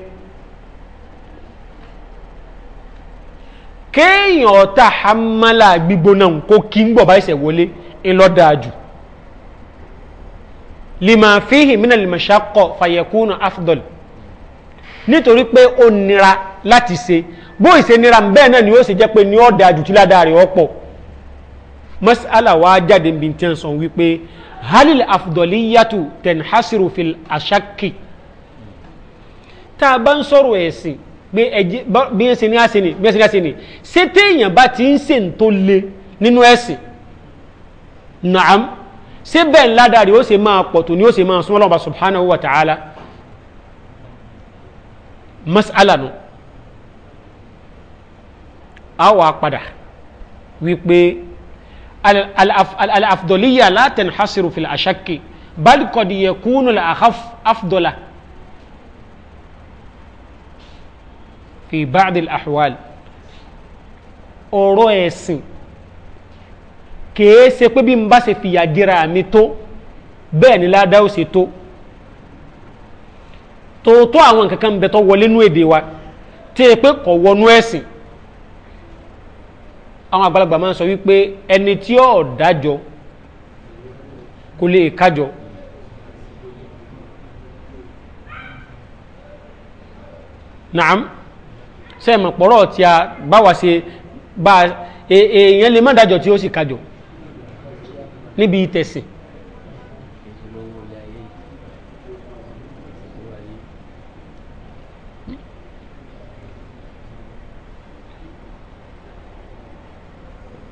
kéèyàn ọ̀tá hamala gbígbóná kó kí ń gbọ̀bá ìṣẹ̀ wọlé ńlọ́dáàjù lima fihi mina lima ṣakọ fayekuna afdol nítorí pé ó nira láti ṣe bó ìṣe nira bẹ́ẹ̀ náà ni ó ṣe jẹ́ pé ní ọ̀dáàjù tí ládàá rẹ̀ ọ̀pọ̀ masala wa jáde bí tí ń sọ wípé halil afdoliyatu tenhasiru fil ashaki tá a bá ń sọ̀rọ̀ ẹ̀sìn pé ẹ̀jẹ̀ bí ẹ ṣe ní àṣẹ ni bí ẹ ṣe ní àṣẹ ni ṣé téèyàn bá ti ń ṣe tó le nínú ẹ̀sìn naam ṣé bẹ́ẹ̀ ládàrí ó ṣe máa pọ̀ tó ni ó ṣe máa súnmọ́ lọ́wọ́ subhanahu wa ta'ala mas'ala nu a wà padà wípé al-afdoliya la tanhasiru fil ashakki bal qad yakunu al-akhaf afdola. Al fi ba'dil ahwal ọ̀rọ̀ ẹ̀sìn kèé ṣe pé bí n bá ṣe fìyà jẹra mi tó bẹ́ẹ̀ ni ládàá ó ṣe tó tòótọ́ àwọn nǹkan kan bẹ̀ tó wọlé nú èdè wa tí e pé kọ̀ wọnú ẹ̀sìn àwọn àgbàlagbà máa ń sọ wípé ẹni tí ó dájọ kò lè kájọ naam sẹ́ẹ̀mọ̀ pọ̀rọ̀ tí a bá wá ṣe bá e, e, èèyàn lè má dájọ́ tí ó sì kájọ́ níbi ìtẹ̀sìn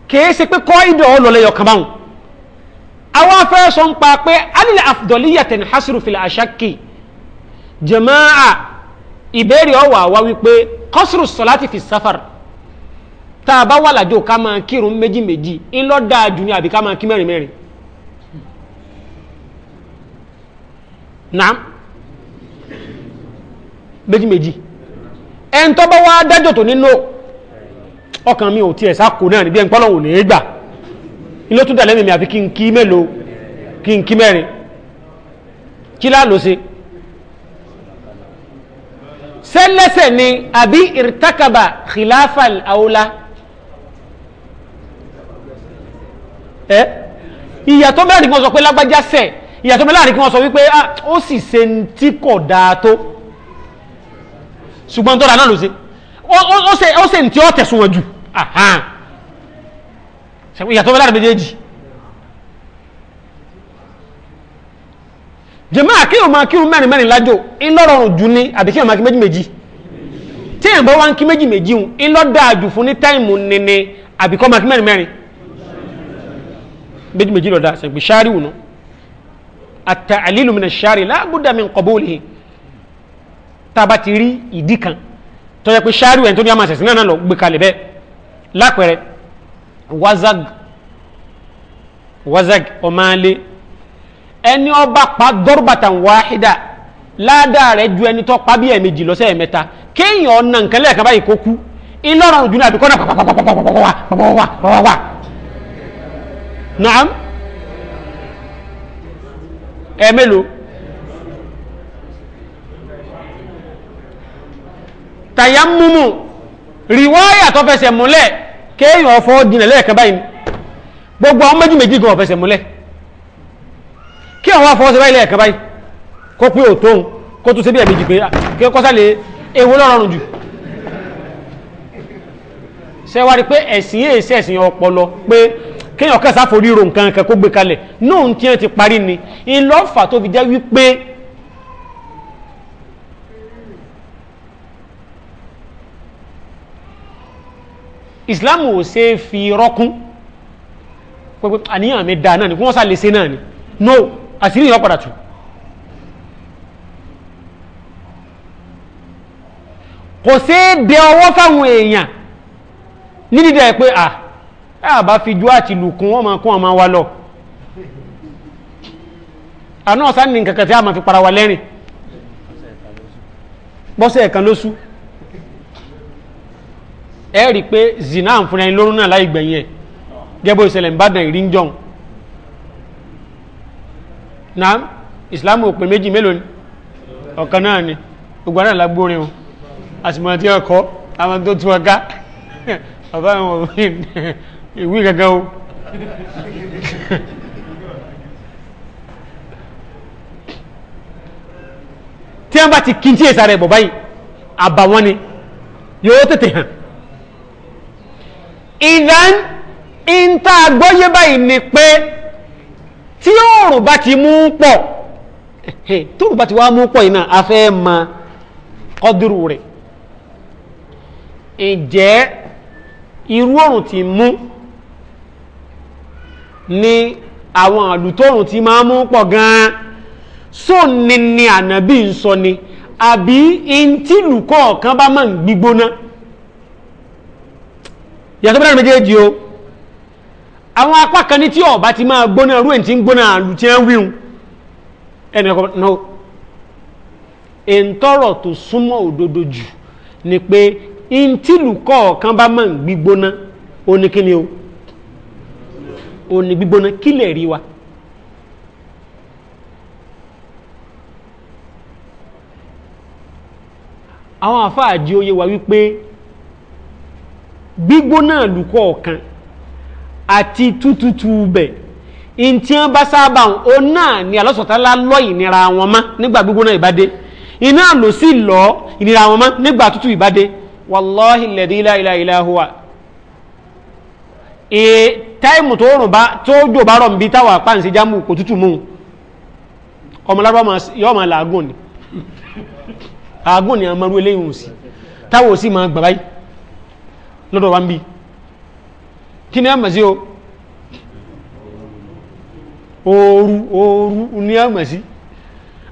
kìí ṣe pé kọ́ ìdọ̀ ọ kan báwọn àwọn afẹ́ ń pa pé alìlẹ̀ àfdọ̀líyàtẹ̀ ní hasiru fìlà àṣákì jẹ̀máà ìbéèrè ọwà wá wípé kọ́sùrù sọ̀láti fi sáfàr tá a bá wà lájò ká máa kírun méjì méjì ńlọ dáa jù ní àbí ká máa kí mẹ́rin mẹ́rin naam méjì méjì ẹn tó bá wá dájò tó nínú ọkàn mi ò tiẹ̀ sáko náà níbi ẹnpọ́lọ̀ ò ní í gbà ilé tó dà lẹ́mìí mi àfi kí n kí mélòó kí n kí mẹ́rin kí láà ló ṣe sẹ́lẹ́sẹ̀ ni àbí ìrìtàkàbà khilafal aula ẹ ìyàtọ̀ mẹ́rin kan sọ pé lágbájá sẹ̀ ìyàtọ̀ mẹ́rin kan sọ wípé ah, ó sì ṣe tí kò dáa tó ṣùgbọ́n tó ra náà ló ṣe ó ṣe tí ó tẹ̀sùn wọn jù ìyàtọ̀ mẹ́rin méjèèjì jàmáà kí o máa kírun mẹ́rin mẹ́rin lájò ńlọrọrùn jù ní àbí kí o máa kí méjì méjì tí èèyàn bá wá ń kí méjì méjì ń ńlọdàájú fún ní táìmù nìní àbí kọ́ máa kí mẹ́rin mẹ́rin méjì méjì lọ́dà sẹ̀gbẹ̀ ṣáàrì wùnú at-ta'lilu min ash-shari' la budda min qabulihi tá a bá ti rí ìdí kan tó yẹ pé ṣáàrì wẹ̀ tó ní àmà sẹ̀sìn náà lọ gbé kalẹ̀ bẹ́ẹ̀ lápẹ̀rẹ̀ wazag wazag ọmọ alẹ́ ẹni ọba pa dọ́rbàtàn wáhídà ládàá rẹ̀ ju ẹni tó pa bí ẹ̀mejì lọ́sẹ̀ ẹ̀mẹta kéèyàn ọ̀nà nǹkan lẹ́ẹ̀kan báyìí kó kú ìlọrin òjú náà bí kọ́nà pàpàpàpàpàpàpàpàpàpàpàpàpàpàpà naam ẹ̀mélòó tàyámúmù rìwáyà tó fẹsẹ̀ múlẹ̀ kéèyàn ọ̀fọ́ dinà lẹ́ẹ̀kan báyìí gbogbo àwọn méjì méjì gan ọ̀fẹsẹ̀ múlẹ̀ kí àwọn afọwọ́sẹ̀ báyìí lẹ́ẹ̀kan báyìí kó pé òtóhun kó tún ṣe bí ẹ̀mí jù pé kí kọ́sà lè ewu lọ́rọ̀rùn jù ṣe wá rí pé ẹ̀sìn yìí ṣe ẹ̀sìn ọpọlọ pé kéèyàn kẹsà forí ro nǹkan kan kó gbé kalẹ̀ náà tí wọ́n ti parí ni ìlọ́fà tó fi jẹ́ wípé ìsìláàmù ò ṣe fi rọ́kún pé àníyàn mi dáa náà ni kí wọ́n sá ṣe náà ni no àṣírí yọ padà tù kò sí dẹ ọwọ́ fáwọn èèyàn ní dídẹ̀ pé à ah, àbá fi ju àti lùkún wọn máa kún ọmọ wa lọ àná ọ̀sán ní nǹkan kan a máa fi para wa lẹ́rìn bọ́sẹ̀ ẹ̀kan lóṣù ẹ rí pé zina àǹfọ̀nà ìlórun náà láì gbẹ̀yìn ẹ̀ gẹ́gbó ìṣẹ̀lẹ̀ ń bá naam islam ò pé méjì mélòó ni ọ̀kan náà ni gbogbo náà la gbórin o àsìmọ̀ tí ọkọ̀ àwọn tó tú ọká bàbá àwọn ìwé gẹ́gẹ́ o tí wọ́n bá ti kí tí èsà rẹ̀ bọ̀ báyìí àbàwọ́n ni yóò tètè hàn ìdán ìntàgbọ́yé báyìí ni pé tí òòrùn bá ti mú pọ̀ tóòrùn bá ti wá mú pọ̀ iná a fẹ́ ma ọdúrú rẹ̀ ǹjẹ́ irú òòrùn ti mú ní àwọn àlù tóòrùn ti máa mú pọ̀ gan-an só ní ni ànábì ń sọ ni àbí ìntìlù kọ̀ọ̀kan bá máa ń gbígbóná yàtọ̀ bẹ́rẹ̀ méjèèjì o. àwọn apá kan ní tí ọba ti máa gbóná rú èyí tí ń gbóná àlù tí ń wíhun ẹnì ọkọ no tó súnmọ òdodo jù ni pé ntìlù kọ̀ọ̀kan bá máa ń gbígbóná ó ní o ó ní gbígbóná kílẹ̀ rí wa. àwọn àfáàjì oyé wa wípé gbígbóná àlùkọ̀ọ̀kan àti tútútù bẹ̀ ntí wọn bá sábà ọ náà ni alọ́sọ̀tàlá lọ ìnira wọn mọ́ nígbà gbígbóná ìbádé iná ló sì lọ ìnira wọn mọ́ nígbà tútù ìbádé wàláhì lẹ́dí ilá ilá huwa ee táìmù tó rùn bá tó jò bá rọ̀ nbí táwọn apá ǹsẹ̀ jámù kò tútù mú ọmọlára yóò máa làágùn ni àágùn ni a máa rú eléyìí sí táwọn ò sì máa gbà báyìí lọ́dọ̀ wa ń bíi kí ni àmà o ooru ooru ni Amazi, sí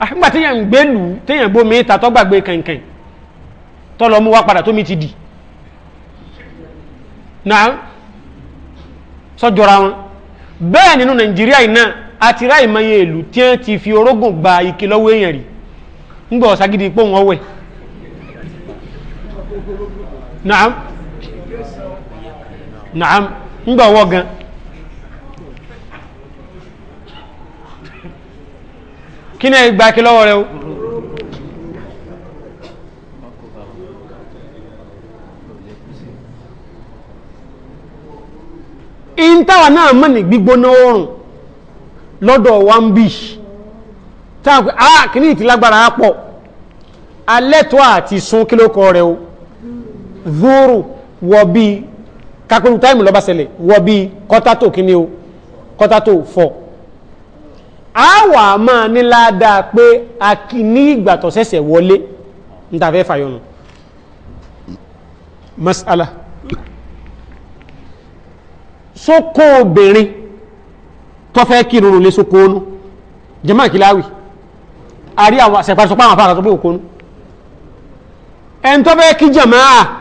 àfígbà ah, téèyàn ń gbé lù téèyàn gbómi ìta tó gbàgbé kẹ̀kẹ̀ tọ́lọ mú wá padà tó ti di. náà sọ́jọ́ra wọn bẹ́ẹ̀ nínú nàìjíríà iná àti ráì mayé ìlú tí wọ́n ti fi orógùn gba ike lọ́wọ́ èèyàn rí ń gbọ́ ọ̀ságidi pò wọ́n naa ńgbà ọwọ́ gan kí ni ìgbà kí lọ́wọ́ rẹ o ìntàwà náà mọ́ ní gbígbóná oòrùn lọ́dọ̀ wa ń bí táàkì àà kì pọ̀ alẹ́tọ́ àti o zoro wọ bíi kakuru táìmù lọ́ba ṣẹlẹ̀ wọ bíi kọ́tátò kíní o kọ́tátò fọ. a wà máa ní ládàá pé a kì ní ìgbà tó wọlé níta fẹ́ fàyọnu. masala sókó obìnrin tó fẹ́ kírun lé sókó onú jẹ́mọ́ ìkìláwì a rí àwọn àṣẹpàṣọpá àwọn afárá tó bó òkónú ẹni tó fẹ́ kí jẹ̀mọ́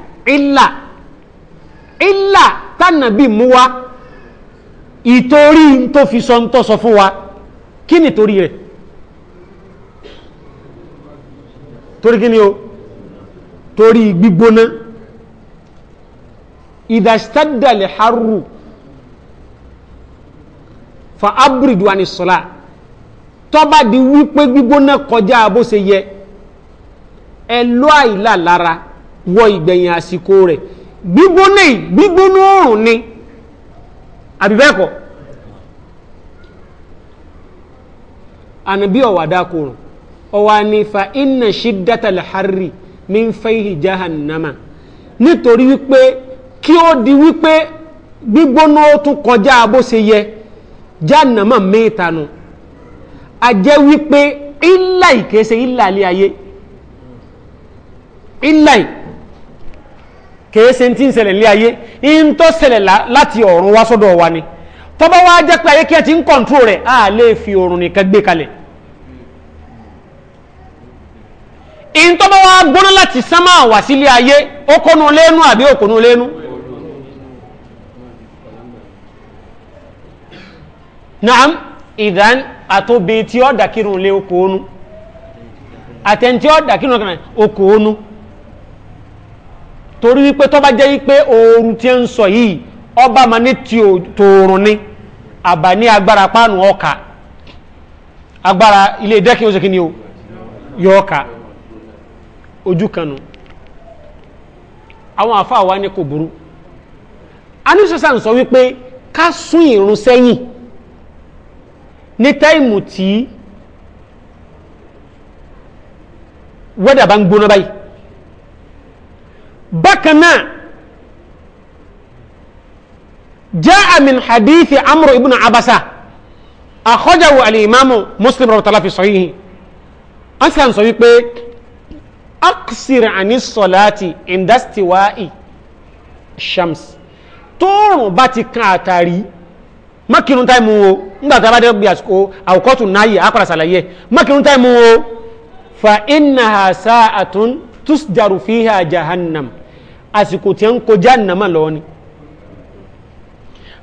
ìlà ìlà tánàbí mú wa ìtorí tó fi sọ ń tọ́ sọ fún wa kí ni torí rẹ̀ torí kí ni o torí gbígbóná ìdàstádàlẹ̀ harru fa abúrìdù wa ní sọ́lá tọ́bá di wípé gbígbóná kọjá bó ṣe yẹ ẹ̀lọ́ àìlà lára wọ ìgbẹ̀yìn àsìkò rẹ̀ gbígbóná gbígbóná òrùn ni àbíbẹ́ẹ̀kọ́ ànàbí ọ̀wàdá kò rùn ọwà ní fa inna shiddatal harri min fayhi jahannama nítorí wípé kí ó di wípé gbígbóná ó tún kọjá bó ṣe yẹ jahannama mẹ́tanu a jẹ́ wípé ilá ìkéṣe ilá ilé ayé ilá ìkéṣe kèése tí ń ṣẹlẹ̀ lé ayé in tó ṣẹlẹ̀ láti ọ̀run wá sọ́dọ̀ wa ni tó bá wá jẹ́ pé ayé kí ẹ ti ń kọ̀ǹtró rẹ̀ a lè fi ọ̀run nìkan gbé kalẹ̀ in tó bá wá gbóná láti sánmà wá sílé ayé ó kónú lẹ́nu àbí òkónú lẹ́nu naam ìdán àtòbí tí ó dàkírun lé okòónú àtẹ̀ntí ó dàkírun okòónú torí wípé tó bá jẹ́ wípé oorun tí ń sọ yìí ọba ma ní tí tòòrùn ni àbá ní agbára páànù ọkà agbára ilé dẹ́kìn ó ṣe kí ni o yọ ọkà ojú kanu àwọn àfáà wa ní kò burú anísọ́sà ń sọ wípé ká sún ìrun sẹ́yìn ní táìmù tí wẹ́dà bá ń gbóná báyìí bákan náà jaa min hadithi amru ibn abasa akhajahu alimamu muslim rahmatullahi fi sahihi an sàn sọ wípé aksir ani solati indastiwa'i shams tóòrùn bá ti kan àtàrí mákìrún táìmù wo nígbà tí a bá dé bí àsìkò àwòkọ́tù náyè àpàrà sàlàyé mákìrún táìmù wo fa innaha sa'atun tusjaru fiha jahannam àsìkò tí ń kọjá nàmà lọ ni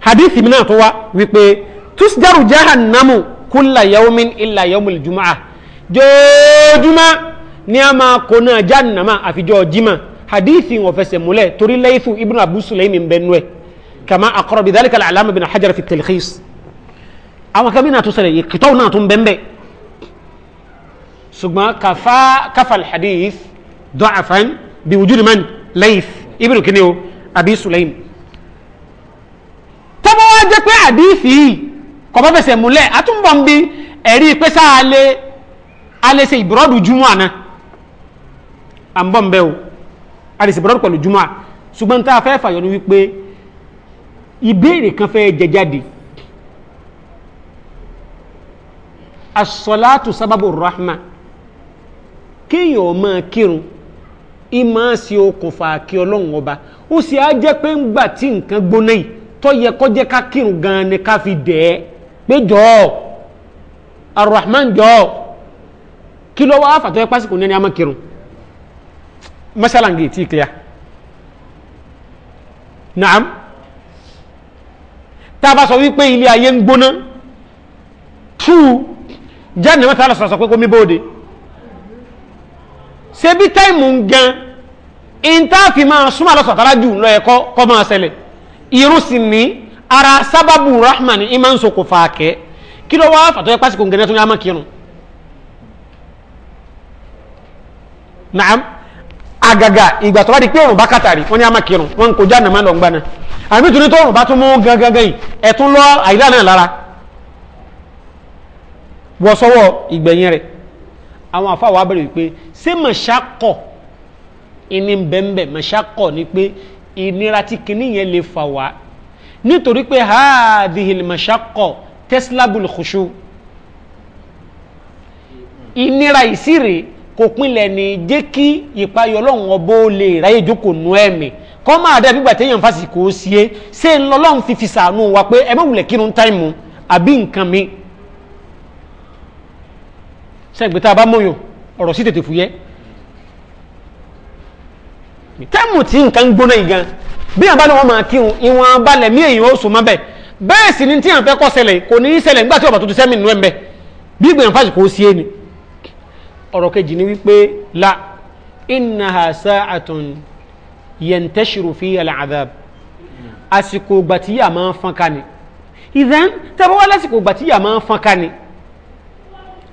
hadithi mi náà tó wá wípé tusjaru jahannamu kulla yawmin illa yawmul jumaa jọjúmọ́ ní a máa kó náà jahannama àfijọ́ jimá hadithi wọn fẹsẹ̀ múlẹ̀ torí Laythu ibn Abu Sulaimi bẹnu ẹ̀ kama aqarra bi dhalika al-Allama ibn Hajar fi at-Talkhis àwọn kan bí náà tó ṣẹlẹ̀ yìí kìtọ́ náà tó kafa kafa al-hadith da'afan bi wujudi man Layth ibùdó kìíní o àbí Sulaim tọ́bọ̀ wá jẹ́ pé àdífì yìí kọ̀bọ́ fẹsẹ̀ múlẹ̀ àtúnbọ̀ ń bí ẹ̀rí pẹ́sà alẹ́ alẹ́ ṣe ìbúrọ́dù júmọ́ àná à ń bọ̀ ń bẹ́ o alẹ́ ṣe ìbúrọ́dù pẹ̀lú júmọ́ à ṣùgbọ́n tá a fẹ́ fàyọ ni wípé ìbéèrè kan fẹ́ jẹ jáde asọ́látù sábàbù rahma kéèyàn máa kírun ìmọ̀ sí okùnfà àkí ọlọ́run ọba ó sì á jẹ́ pé ń gbà tí nǹkan gbóná yìí tó yẹ kó jẹ́ ká kírun gan ni ká fi dẹ̀ ẹ́ pé jọ arrahman jọ kí ló wá fàtọ́ yẹ pásítọ̀ ní ẹni a máa kírun mọ́sálàngì tí clear naam tá a bá sọ wípé ilé ayé ń gbóná two jáde mẹ́ta lọ sọ̀rọ̀ sọ pé kó mi bóde ṣe bí táìmù ń gan ìntàfi máa súnmọ́ àlọ́sọ̀tara jù lọ ẹ̀kọ́ kọ́ máa ṣẹlẹ̀ irun sì ní ara sábàbù rahman imá ń sokò fàákẹ́ kí ló wá fàtọ́ yẹ pásìkò ngẹ́nẹ́ tó ní amákirun naam àgàgà ìgbà tó bá di pé òrùn bá kàtàrí wọ́n ní amákirun wọ́n kò jáde máa lọ gbaná àmì torí tó òrùn bá tún mú gangan yìí ẹ̀tún lọ àyílá lára wọ́sọ́wọ́ ìgbẹ̀yìn rẹ̀ àwọn àfa wa bẹ̀rẹ̀ wípé ṣé mọ̀ṣákọ̀ ìní bẹ́ńbẹ́ mọ̀ṣákọ̀ ni pé ìnira tí kinní yẹn lè fà wá nítorí pé haadihil mọ̀ṣákọ̀ teslabul khushu ìnira ìsírè kò pinlẹ̀ ní jẹ́ kí ìpayọ̀ ọlọ́run ọbọ̀ lè ráyè jókòó nú ẹ̀mí kọ́ máa dẹ́ nígbà téèyàn fásitì kò sí é ṣé ńlọ́lọ́run fífi sàánú wa pé ẹ má wulẹ̀ kírun táìmù àbí nǹkan mi sẹ́gbẹ̀ tá a bá mọ̀yàn ọ̀rọ̀ sí tètè fúyẹ́ tẹ́mù tí nǹkan gbóná ìgan bí àbá ni wọ́n máa kírun ìwọ̀n balẹ̀ mí èèyàn ó sùn mọ́ bẹ́ẹ̀ bẹ́ẹ̀ sì ni tí à ń fẹ́ kọ́ ṣẹlẹ̀ kò ní í ṣẹlẹ̀ nígbà tí ọ̀bà tó ti sẹ́mì nínú ẹ̀ mbẹ́ bí ìgbìyànjú fásitì kò sí ẹni ọ̀rọ̀ kejì ni wípé la innaha sa'atun yantashiru fiha al'adhab àsìkò ìgbà tí yà máa ń fọ́n ká ni ìdán tẹ́wọ́ lásìkò ìgbà máa ń fọ́n ká ni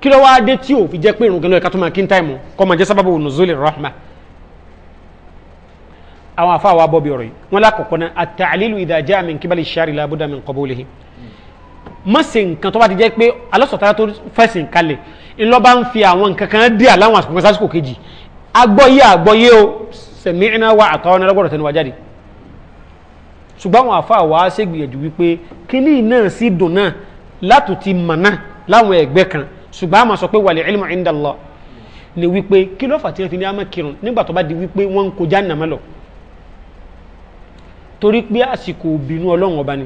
kí ló wáá dé tí ò fi jẹ́ pé irun gẹ́lẹ́ kátó máa kí n táìmù kọ́ máa jẹ́ sábàbù nùzúlì rahma àwọn afa wa bọ́ bí ọ̀rọ̀ yìí wọn lákọ̀ọ́kọ́ náà àtàlílù ìdájá mi kí bá lè ṣáàrì lábúdà mi kọ́bó lè má se nǹkan tó bá ti jẹ́ pé alásọ̀tara tó fẹ̀sìn kalẹ̀ ńlọ́ba ń fi àwọn nǹkan kan dé àláwọn àsìkò kejì agbọ́yé agbọ́yé wa àtọ́wọ́n náà lọ́gbọ̀dọ̀ tẹnu wa jáde ṣùgbọ́n àwọn afa wa ṣègbìyànjú wípé kíní náà sì dùn náà látùtì mọ̀nà ṣùgbọ́n a máa sọ pé wal ilmu inda Allah ni wípé kí ló fà tí wọ́n fi ní àmọ́ kírun nígbà tó bá di wípé wọ́n ń kó jahannama lọ torí pé àsìkò ìbínú ọlọ́run ọba ni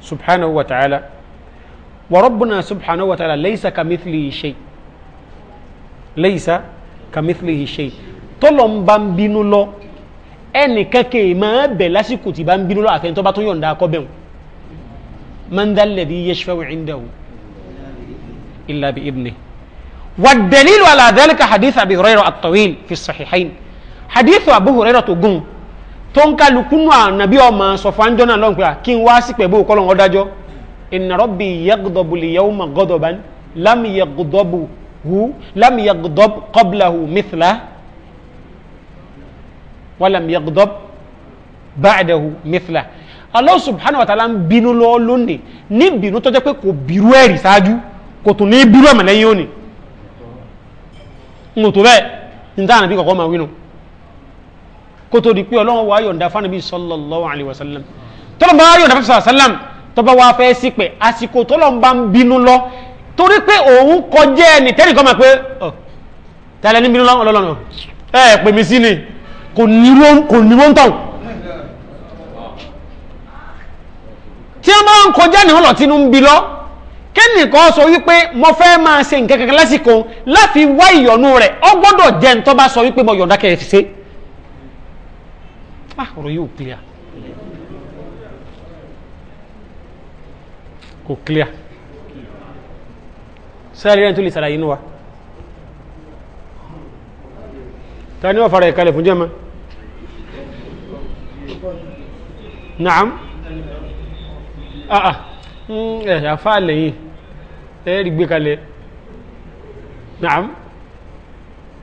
subhanahu wa ta'ala wa rabbuna subhanahu wa ta'ala laysa kamithlihi shay laysa kamithlihi shay tọ́lọ̀ ń bá ń bínú lọ ẹnìkan kè máa bẹ̀ lásìkò tí bá ń bínú lọ àfẹ́ntọ́ bá tó yọ̀ǹda akọ́bẹ̀wò man dhal ladhi yashfa'u 'indahu إلا بإذنه والدليل على ذلك حديث أبي هريرة الطويل في الصحيحين حديث أبو هريرة تقول tonka lukunu anabi ọmọ sọfọ anjọ náà lọ́n pé kí n wá sí pẹ̀bú kọ́lọ́n ọdájọ́ inna rabbi yagdobu liyawma godoban lam yagdobu hu lam yagdob qablahu mithla walam yagdob ba'dahu mithla Allah subhanahu wa ta'ala ń bínú lọ lónìí ní bínú tó jẹ́ pé kò bírú ẹ̀rí ṣáájú kò tún ní bírú ẹ̀mọ̀ lẹ́yìn òní n ò tó bẹ́ẹ̀ n tá ànàbí kọ̀kọ́ máa wínú kó tó di pé ọlọ́run wá yọ̀ǹda fánàbí sallallahu alaihi wasallam tọ́lọ̀ bá yọ̀ǹda fánàbí sallallahu alaihi wasallam tọ́ba wá fẹ́ sí pé àsìkò tọ́lọ̀ bá ń bínú lọ torí pé òun kọjá ẹni tẹ́lẹ̀ kọ́ máa pé ọ̀ tẹ́lẹ̀ ní bínú lọ́lọ́nà ẹ̀ pè mí sí ni kò ní wọ́n tán tí wọ́n máa ń kọjá ní ọlọ́tínú lọ́ kẹ́nìkan sọ wípé mo fẹ́ máa ṣe nǹkan kankan lásìkò láfi wá ìyọ̀nú rẹ̀ ọ gbọ́dọ̀ jẹ́ ń tó bá sọ wípé mo yọ̀ǹda kẹ́ ẹ fi ṣe. Ah, ọ̀rọ̀ yìí ò clear kò clear sáré rẹ̀ tó lè ṣàlàyé inú wa. ta ni wọ́n fara ìkalẹ̀ fún jẹ́mọ́. naam ah ah hmm, ẹ̀ àfa lẹ́yìn ẹ̀rí gbé kalẹ̀ naam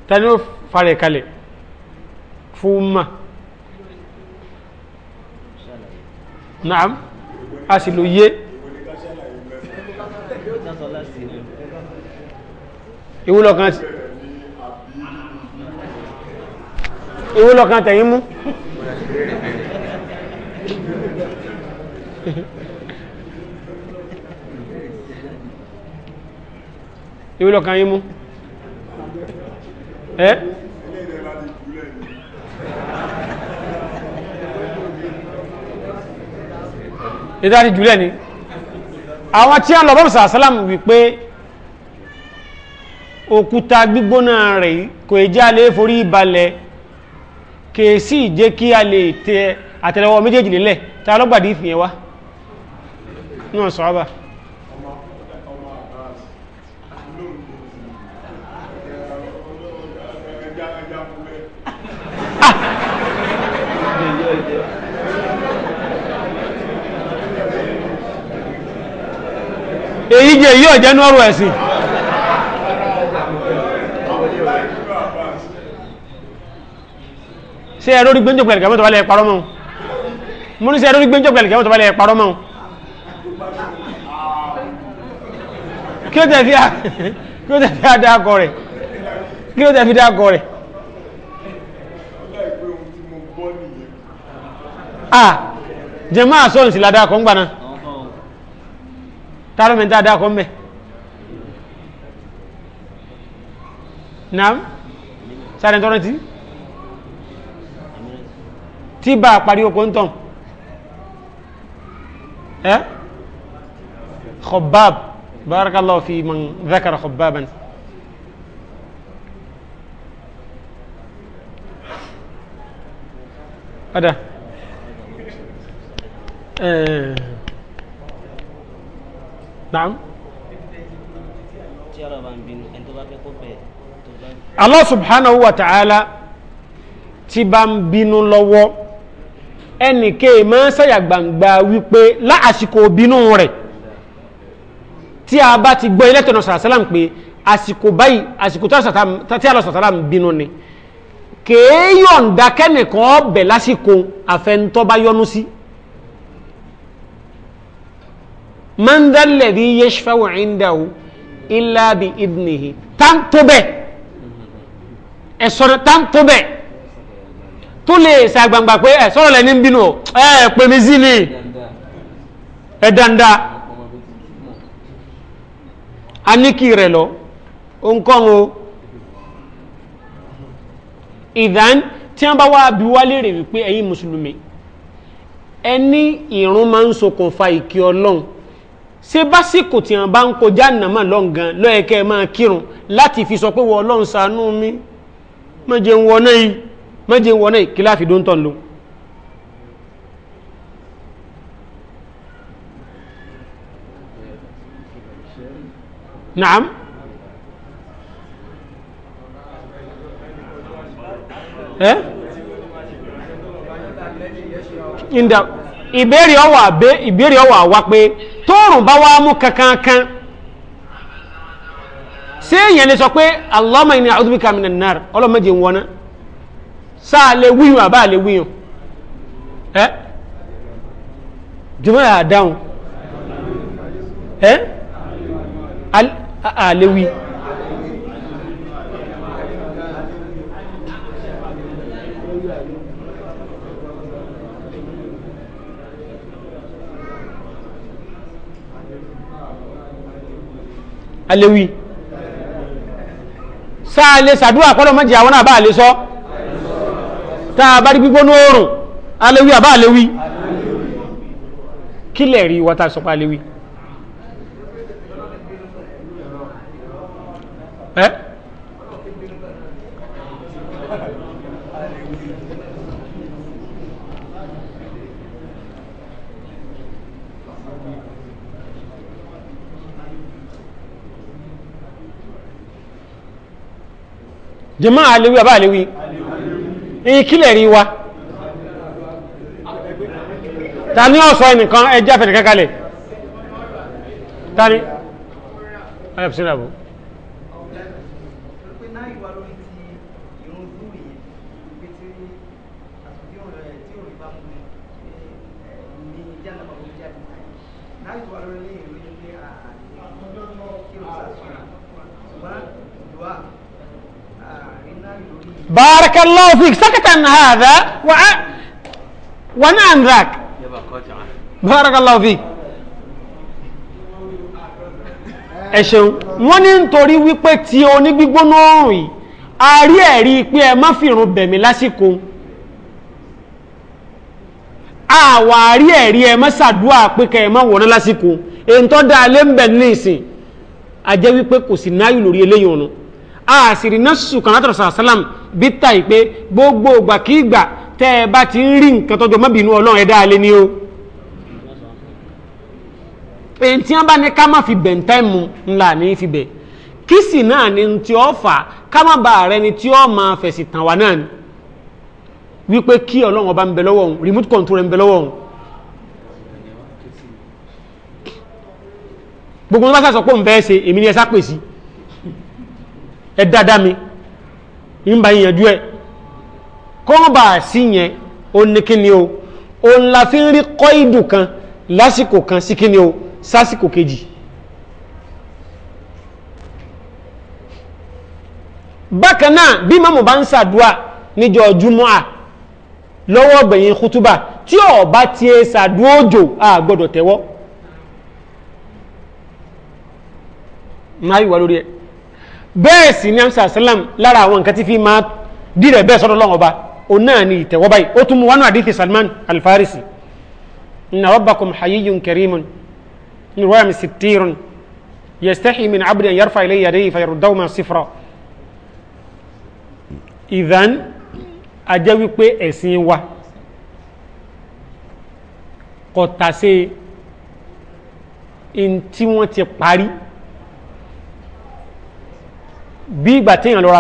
ta ni ó farẹ̀ kalẹ̀ fún ma naam a sì lò yé ìwúlọ̀kan ìwúlọ̀kan tẹ̀yìn mú ewu lọ́kàn yín mú ẹ́ ìdájí jùlẹ̀ ni àwọn tí a lọ bọ́bù sàásálàmù wípé òkúta gbígbóná rẹ̀ kò èjá lè forí balẹ̀ kèèsì jẹ́ kí a lè tẹ àtẹ́lẹwọ́ méjèèjì lélẹ̀ tí a lọ́gbàdí ìfìyẹn náà sọ́ọ́bà èyí jẹ́ èyí ọ̀jẹ́ nọ́rù ẹ̀sìn ṣe ẹ̀rọ orí gbẹ́njọ́ pẹ̀lẹ̀ kẹ́mọ́tọ̀ balẹ̀ ẹ̀parọ́ mọ́ mú ní ṣe ẹ̀rọ orí gbẹ́njọ́ pẹ̀lẹ̀ kẹ́mọ́tọ̀ balẹ̀ ẹ̀parọ́ mọ́ kí ó tẹ̀ fi àdákọ̀ rẹ̀ kí ó tẹ̀ fi dákọ̀ rẹ̀ ah jẹ́ máa sọ́ọ̀nù sí ládàkọ̀ ń gbaná tààrọ mi dáadáa kọ mẹ naam sáré tọrọ tí tí bá a parí oko ń tàn ẹ khabab barakallahu fi man dhakara khababan ada naam. tí ọ̀rọ̀ bá ń bínú ẹni tó bá fẹ́ kó bẹ̀ tó bá. Allah subhanahu wa ta'ala tí bá ń bínú lọ́wọ́ ẹnì kéè máa ń sẹ́yà gbangba wípé láàsìkò bínú rẹ̀ tí a bá ti gbọ́ ilé tọ̀nà ń pè àsìkò báyìí àsìkò tí a lọ sàrásálà ń bínú ni kèé yọ̀ǹda kẹ́nìkan lásìkò àfẹnutọ́ bá yọnu sí man dha alladhi yashfa'u indahu illa bi idnihi tan tó bẹ́ẹ̀ ẹ sọ̀rọ̀ tan tó bẹ́ẹ̀ tó lè ṣe àgbàǹgbà pé ẹ sọ̀rọ̀ lẹ́ni ń bínú ọ ẹ pè mí sí ni ẹ dandan a ní kí o ìdán tí wọ́n bá wá bí wá lérè wípé ẹ̀yin mùsùlùmí ẹni ìrun máa ń ṣokùnfà ìkí ọlọ́run se básìkò tí wọn bá ń kọjá nàmà lọ́ngàn lọ́ẹ̀kẹ́ máa kírun láti fi sọ pé wọ́n ọlọ́run ṣàánú mi mẹ́jẹ̀ ń wọ náà yìí mẹ́jẹ̀ ń wọ náà yìí kí láfi dó ń tọ̀ lò. naam eh? ìbéèrè ọwà ìbéèrè ọwà wá pé tóòrùn bá wá mú kankankan ṣé èèyàn lè sọ pé minan nar ọlọ́mọdé ń wọná sáà lè wíyùn àbá lè wíyùn àdáhùn aléwì sáà lè sàdúrà kọ́lọ̀ mọ́jì àwọn àbá àlè sọ tá a bá rí gbígbónú oòrùn aléwì àbá àléwì kí lè rí wọ́ta sọpá aléwì ẹ́ eh? jẹ́mọ́ àlewi àbá àlewi èyí kílẹ̀ rí wa ta ní ọ̀sọ́ ẹnìkan ẹjẹ́ àfẹ̀dẹ̀kẹ́kalẹ̀ ta ní ayọ̀pẹ̀sẹ̀ ìràbọ̀ بارك الله فيك سكت عن هذا و ونعى ذاك بارك الله فيك ẹ ṣeun wọ́n ní nítorí wípé tí onígbígbóná ọ̀rùn yìí a rí ẹ̀rí pé ẹ má fìrun bẹ̀mí lásìkò àwà rí ẹ̀rí ẹ má ṣàdúà pé kẹ má wọ̀ná lásìkò èyí tó dáa lé ń bẹ̀ nísìn a jẹ́ wípé kò sí náyù lórí eléyìí ọ̀nà àṣírí náà sùn kan látọ̀rọ̀ sàlám bí ta yìí pé gbogbo ìgbà kí ìgbà tẹ́ ẹ bá ti ń rí nǹkan tọ́jú ọmọbìnú ọlọ́run ẹ̀dá alẹ́ ni o. èyí tí wọ́n bá ní ká má fi bẹ̀ ń tẹ́ ńlá ní fi bẹ̀ kí sì náà ni tí ó fà ká má ba ààrẹ ni tí ó máa fẹ̀sì tàn wá náà wípé kí ọlọ́run ọba ń bẹ lọ́wọ́ òun remote control ń bẹ lọ́wọ́ òun gbogbo wọn bá sàṣọ pé òun bẹ́ẹ̀ ṣe èmi ni ẹ sá pèsè ẹ dáadáa mi ń bá yíyanjú ẹ kọ́ńbà sí yẹn ó ní kíni o òun la fi ń rí kọ́ ìdù kan lásìkò kan sí kíni o sásìkò kejì. bákan náà bí mọ́mù bá ń ṣàdúà níjọ́ júmọ́ à lọ́wọ́ ọ̀gbẹ̀yìn tí ọba ti ẹ e ṣàdúà òjò a gbọ́dọ̀ tẹ́wọ́ máa yìí lórí ẹ̀ bẹ́ẹ̀ sì ni amsa salam lára àwọn nǹkan tí fi máa dìrẹ̀ bẹ́ẹ̀ sọ́dọ̀ lọ́wọ́ ọba o náà ni ìtẹ̀wọ́ báyìí ó tún mú wánú àdìsí salman alfarisi inna rabbakum hayyun karimun in ruwa mi sitirun yastahi min abdi an yarfa ilayya dai fa yaruddaw ma sifra idan a jẹ́ wípé ẹ̀sìn wa kọ̀tàsé in tí wọ́n ti parí bí ìgbà téèyàn lọ ra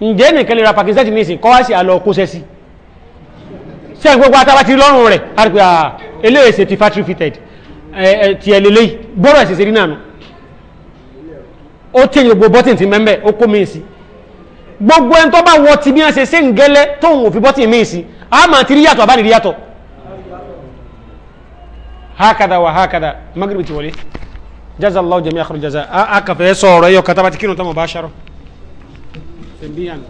ǹjẹ́ nìkan lè ra pakinsẹ́ẹ̀tì nísìn kọ́ wá sí kóṣẹ́ sí gbogbo atábá ti lọ́rùn rẹ̀ a rí ah, ti factory fitted ti ẹ̀ lélẹ́yìí gbọ́dọ̀ ẹ̀ sì rí nànú ó gbogbo bọ́tìn ti mẹ́mbẹ́ ó kó sí gbogbo ẹni tó bá wọ ti bí wọn ṣe ṣe ń gẹ́lẹ́ ti rí yàtọ̀ àbá yàtọ̀ jazallahu jami akhir jaza a kafẹ sọ̀rọ̀ yọ katabati kinu ta mubasharo tembiyan